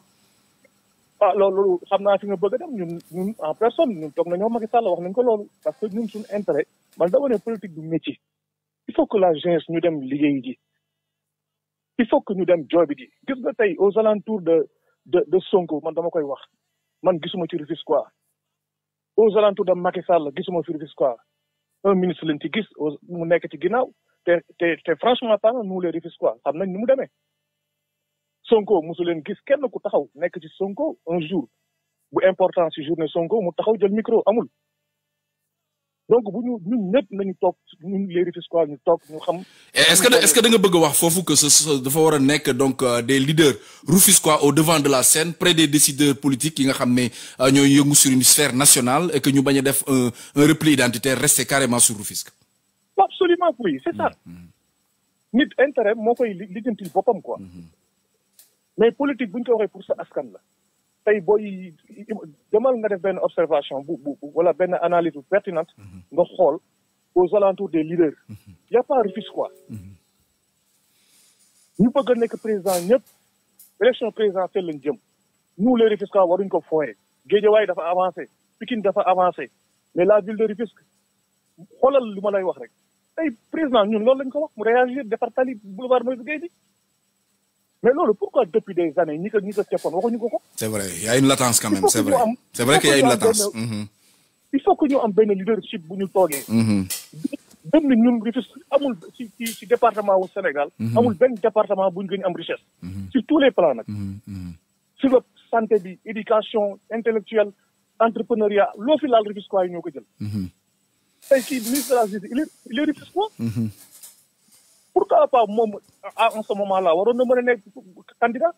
ah loolu xam naa fi na bëgg a dem ñun ñun en personne ñun toog nañoo Macky Sall wax nañ ko loolu parce que ñun suñu intérêt man dama ne politique du métier il faut que la jeunesse ñu dem liggéey ji il faut que ñu dem joobi ji gis nga tey aux alentours de de de Sonko man dama koy wax man gisuma ci Rufisque quoi aux alentours de Macky Sall gisuma fi Rufisque quoi un ministre lañ ci gis mu nekk ci ginnaaw te te te franchement parlant nous les Rufisque quoi xam nañ ni mu demee Sonko est-ce gis kenn ku taxaw nekk ci Sonko un jour bu important ci journée Sonko mu taxaw jël micro amul donc bu ñu ñun nous, nous toog ñun les Rufisquois ñu nous ñu xam. est-ce que est-ce que da nga bëgg wax que ce dafa donc euh, des leaders Rufisquois au devant de la scène près des décideurs politiques yi nga xam nous euh, ñooy yëngu sur une sphère nationale et que ñu baña def un un repli identitaire rester carrément sur Rufisque. absolument oui c'est ça. Mm-hmm. nit intérêt mo koy lijjantil bopam quoi. Mm-hmm mais politique vous ko pour sa askan la observation analyse pertinente aux alentours des leaders n'y mhm. a pas refus quoi mhm. ñu a président ñëpp élection présidentielle lañ nous les waruñ ko dafa avancé Pikine dafa avancé mais la ville de lay wax rek président ñun loolu lañ ko wax mu réagir boulevard mais non, pourquoi depuis des années ni que ni pas de waxuñu c'est vrai il y a une latence quand même c'est vrai c'est vrai qu'il y a une latence. Mhm. il faut que ñu am benn leadership pour nous parler. dem ni ñun Rufisque amul ci ci département au Sénégal. Mhm. amul ben département bu ñu gën am richesse. Mhm. sur tous les plans sur la santé bi éducation intellectuelle entrepreneuriat loo fi laal quoi, yi ñoo ko hmm tey ci ministre de la justice il est il est hmm pourquoi pas en ce moment là on ne candidat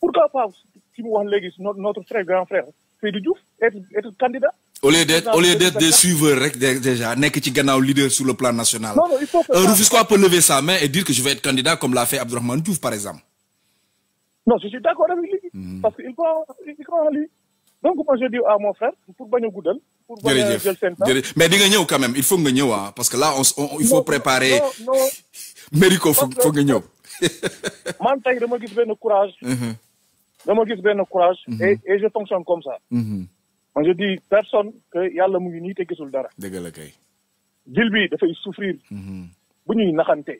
pourquoi pas si Leguis, notre très grand frère Seydou Diouf être candidat. au lieu d'être au lieu d'être des suiveurs déjà, déjà nekk ci gannaaw leader sur le plan national. non non il euh, peut lever sa main et dire que je vais être candidat comme l'a fait Abdourahmane Diouf par exemple. non je suis d'accord avec lui. Hmm. parce qu'il croit il croit en lui. donc moi je dis à mon frère pour bañ au pour jërëjëf jërëjëf mais di nga ñëw quand même il faut nga ñëw ah, parce que là on, on il faut préparer Mérico faut, foog nga ñëw man tey dama gis benn courage mhm. dama gis benn courage mhm. et et je fonctionne comme ça man mhm. je dis personne que yàlla mu ngi nii te gisul dara dëgg la kay ville bi dafay souffrir bu ñuy naxante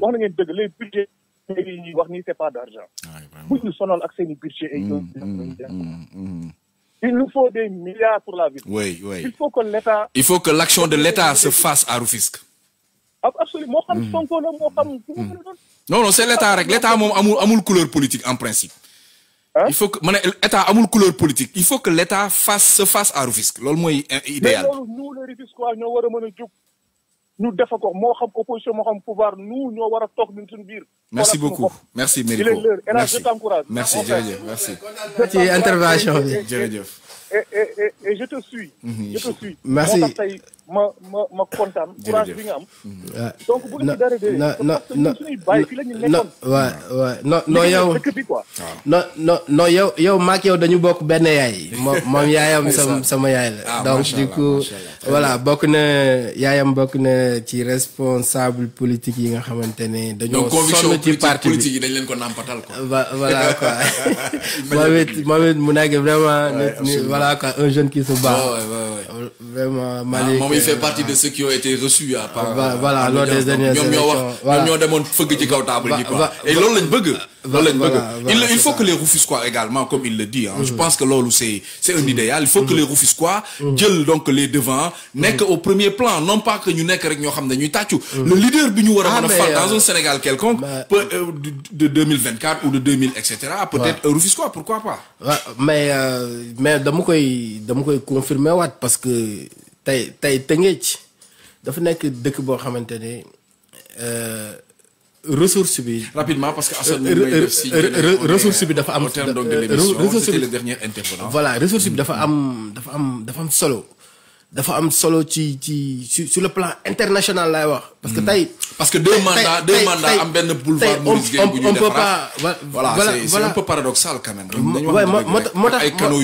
wax na ngeen dëgg les budgets yi ñuy wax nii c'est pas d'argent bu ñu sonal ak seen i budget ay il nous faut des milliards pour la ville. Il faut que l'État. Il faut que l'action de l'État se fasse à Rufisque. Hmm. Hmm. Non, non, c'est l'État. L'État a une couleur politique en principe. Hein? Il faut que l'État a une couleur politique. Il faut que l'État se fasse à Rufisque. C'est idéal. nous, nous défendons. Moi, opposition pouvoir nous merci beaucoup merci Mérico merci je merci intervention et je te suis. Mhm, je te suis. merci. ma ma ma kontaan. courage bi nga am. Mm-hmm. na na yow. Ah. yow yow maak yow dañu bokk benn yaay. moom moom yaayam sama sama yaay la. Ah, donc du coup bokk na yaayam bokk na ci responsable politique yi nga xamante ne. dañoo sonn ci parti bi politique dañ leen ko nampatal quoi. voilà quoi moom it moom it mu nekk vraiment. voilà quoi un jeune qui il fait partie de ceux qui ont été reçus à hein, part. voilà lors des dernières et il faut que les Rufusquois, également comme il le dit. Hein, je mhm. pense que loolu c'est un mhm. idéal il faut que mhm. les Rufusquois jël donc les devants. que au premier plan non pas que nous nekk rek ñoo le leader bi ah, dans euh, un Sénégal quelconque. Euh, de 2024 ou de 2000 etc., peut-être un pourquoi pas. mais euh, mais dama confirmer parce que tay tey dafa euh, rapidement parce que Assane euh, ressources bi dafa am. terme de l'émission le dernier intervenant. voilà ressource bi dafa am dafa solo dafa am solo ci ci sur le plan international lay wax. parce que hmm. tay parce que deux mandats deux mandats am benn boulevard. Maurice Gueye bu ñuy def voilà c'est un peu paradoxal quand même. moo tax ay canaux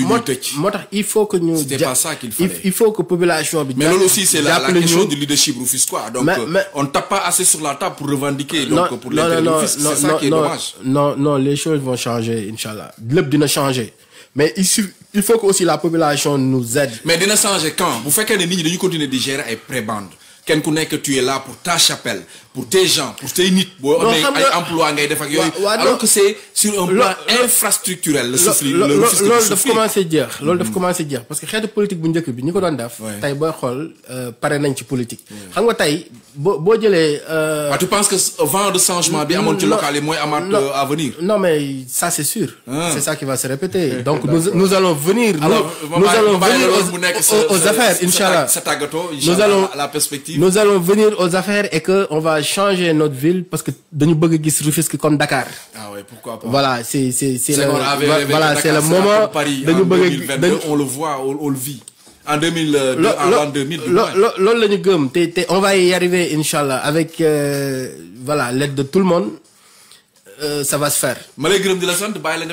il faut que ñu. c'était pas ça qu'il fallait il faut que population bi. mais loolu aussi c'est la la question du leadership quoi donc on tape pas assez sur la table pour revendiquer. donc pour l'intérêt du Rufisque c'est ça qui est dommage. non non non les choses vont changer inshallah. lépp dina changer. mais il suffit il faut que aussi la population nous aide. mais dina changer quand bu fekkee ne nit ñi dañu continuer di gérer ay prébendes kenn ku nekk tu es là pour ta chapelle pour tes gens pour tes nit. boo emploi ngay def ak alors que c'est sur un plan infrastructurel. le souffle la loolu daf dire, hmm. jeex. loolu commencer dire, parce que de politique bu njëkk bi ñi ko doon def. tey booy xool euh, nañ ci politique. xam nga tey boo boo jëlee. Euh, ah, tu penses que vent de changement bi amoon ci local yi mooy amaat euh, à venir. non mais ça c'est sûr. Ah. c'est ça qui va se répéter. donc nous nous allons venir. nous allons venir aux affaires inch'Allah. nous allons la perspective. nous allons venir aux affaires et que on va changer notre ville parce que dañu bëgg gis Rufisque comme Dakar. ah ouais pourquoi pas. voilà c'est c'est c'est le voilà c'est le moment dañu bëgg dañu on le voit on, on le vit. en 2000 euh, en 2000 on va y arriver inchallah avec euh, voilà l'aide de tout le monde euh, ça va se faire. Malgré le gërëm di la sant bàyyi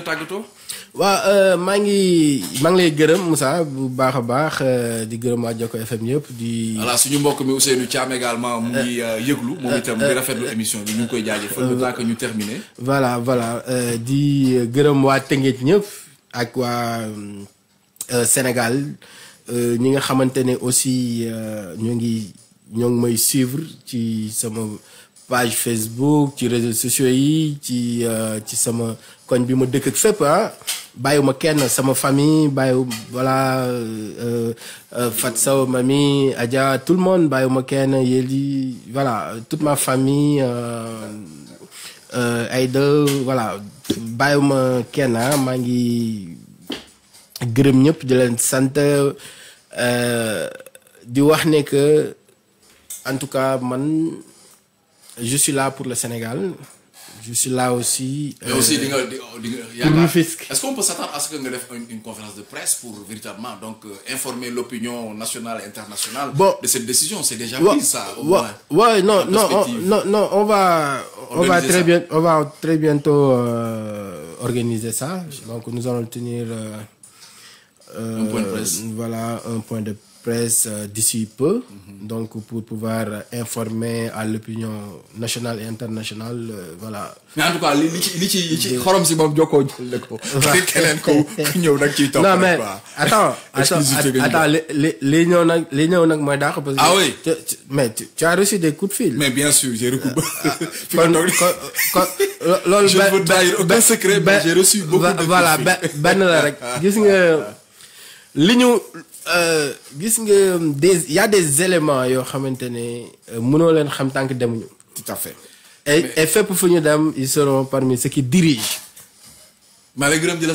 waaw euh, maa ngi maa ngi lay gërëm Moussa bu baax a baax euh, di gërëm waa Joko FM yëpp di. voilà suñu mbokk mi Ousseynou Thiam également mu ngi euh, yëglu moom itam di rafetlu émission bi ñu ngi koy jaajëfal. le temps que ñu terminé. voilà voilà di gërëm waa Tëngéej ñëpp ak waa Sénégal ñi nga xamante ne aussi ñoo ngi ñoo ngi may suivre ci sama page Facebook ci réseaux sociaux yi ci euh, ci sama koñ bi ma dëkk ak fépp ah bàyyiwuma kenn sama famille bàyyiwu voilà euh, euh, Fat Sow mami Adja tout le monde bàyyiwuma kenn Yeli voilà toute ma famille Aïda voilà bàyyiwuma kenn ah maa ngi gërëm ñëpp di leen euh di wax ne que en tout cas man je suis là pour le Sénégal. Je suis là aussi. Euh, oh, le aussi, est-ce qu'on peut s'attendre à ce qu'on ait une, conférence de presse pour véritablement donc, euh, informer l'opinion nationale et internationale de cette décision C'est déjà fait ça Oui, ouais, non, non, non, non, on va, on va, très, bien, on va très bientôt euh, organiser ça. Donc, nous allons tenir. un point de presse. Voilà, un point de presse euh, d'ici peu, mm -hmm. donc pour pouvoir informer à l'opinion nationale et internationale, euh, voilà. Mais en tout cas, li li ci ci xorom si moom Joko, le ko. c'est ko ku ñëw nag ci topp. non mais attends attends li les ñëw nag li ñëw nag mooy dàq. parce que ah oui mais tu as reçu des coups de fil. mais bien sûr j'ai reçu. Ah, ah. kon kon loolu. je ne veux dire secret mais j'ai reçu beaucoup de coups de fil. voilà benn la rek gis nga li euh, il um, y a des éléments yo xamantene ne euh, mënoo leen xam tank demuñu. tout à fait. et et fait pour ils seront parmi ceux qui dirigent. malgré de la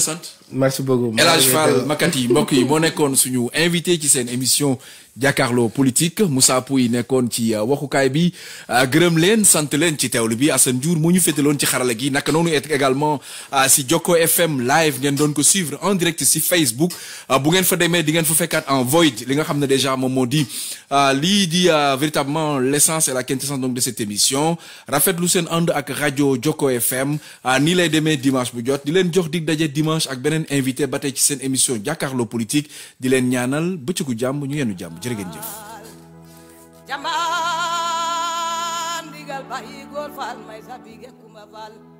merci beaucoup El Hadj Makati Moki, yi moo invité suñu invité ci émission diacarlo politique Moussa Pouy nekkoon ci euh, waxukaay bi euh, gërëm leen sant leen ci teewlu bi Assane Diour mu ñu féetaloon ci également euh, si Djoko FM live ngeen doon ko suivre en direct si Facebook bu ngeen fa demee di en void li nga xam déjà moom moo di lii di véritablement l'essence et la quintessence donc de cette émission Rafet Loussen, ande ak Radio Djoko FM Ni les demain dimanche bu jot di leen jox dig daje dimanche ak beneen invité ba tey ci seen émission jàkkaarloo politique di leen ñaanal gu jàmm ñu yenu jàmm jërë ngeen jëf. jàmbaar ndigal bàyyi góor faal may sa bige kumba faal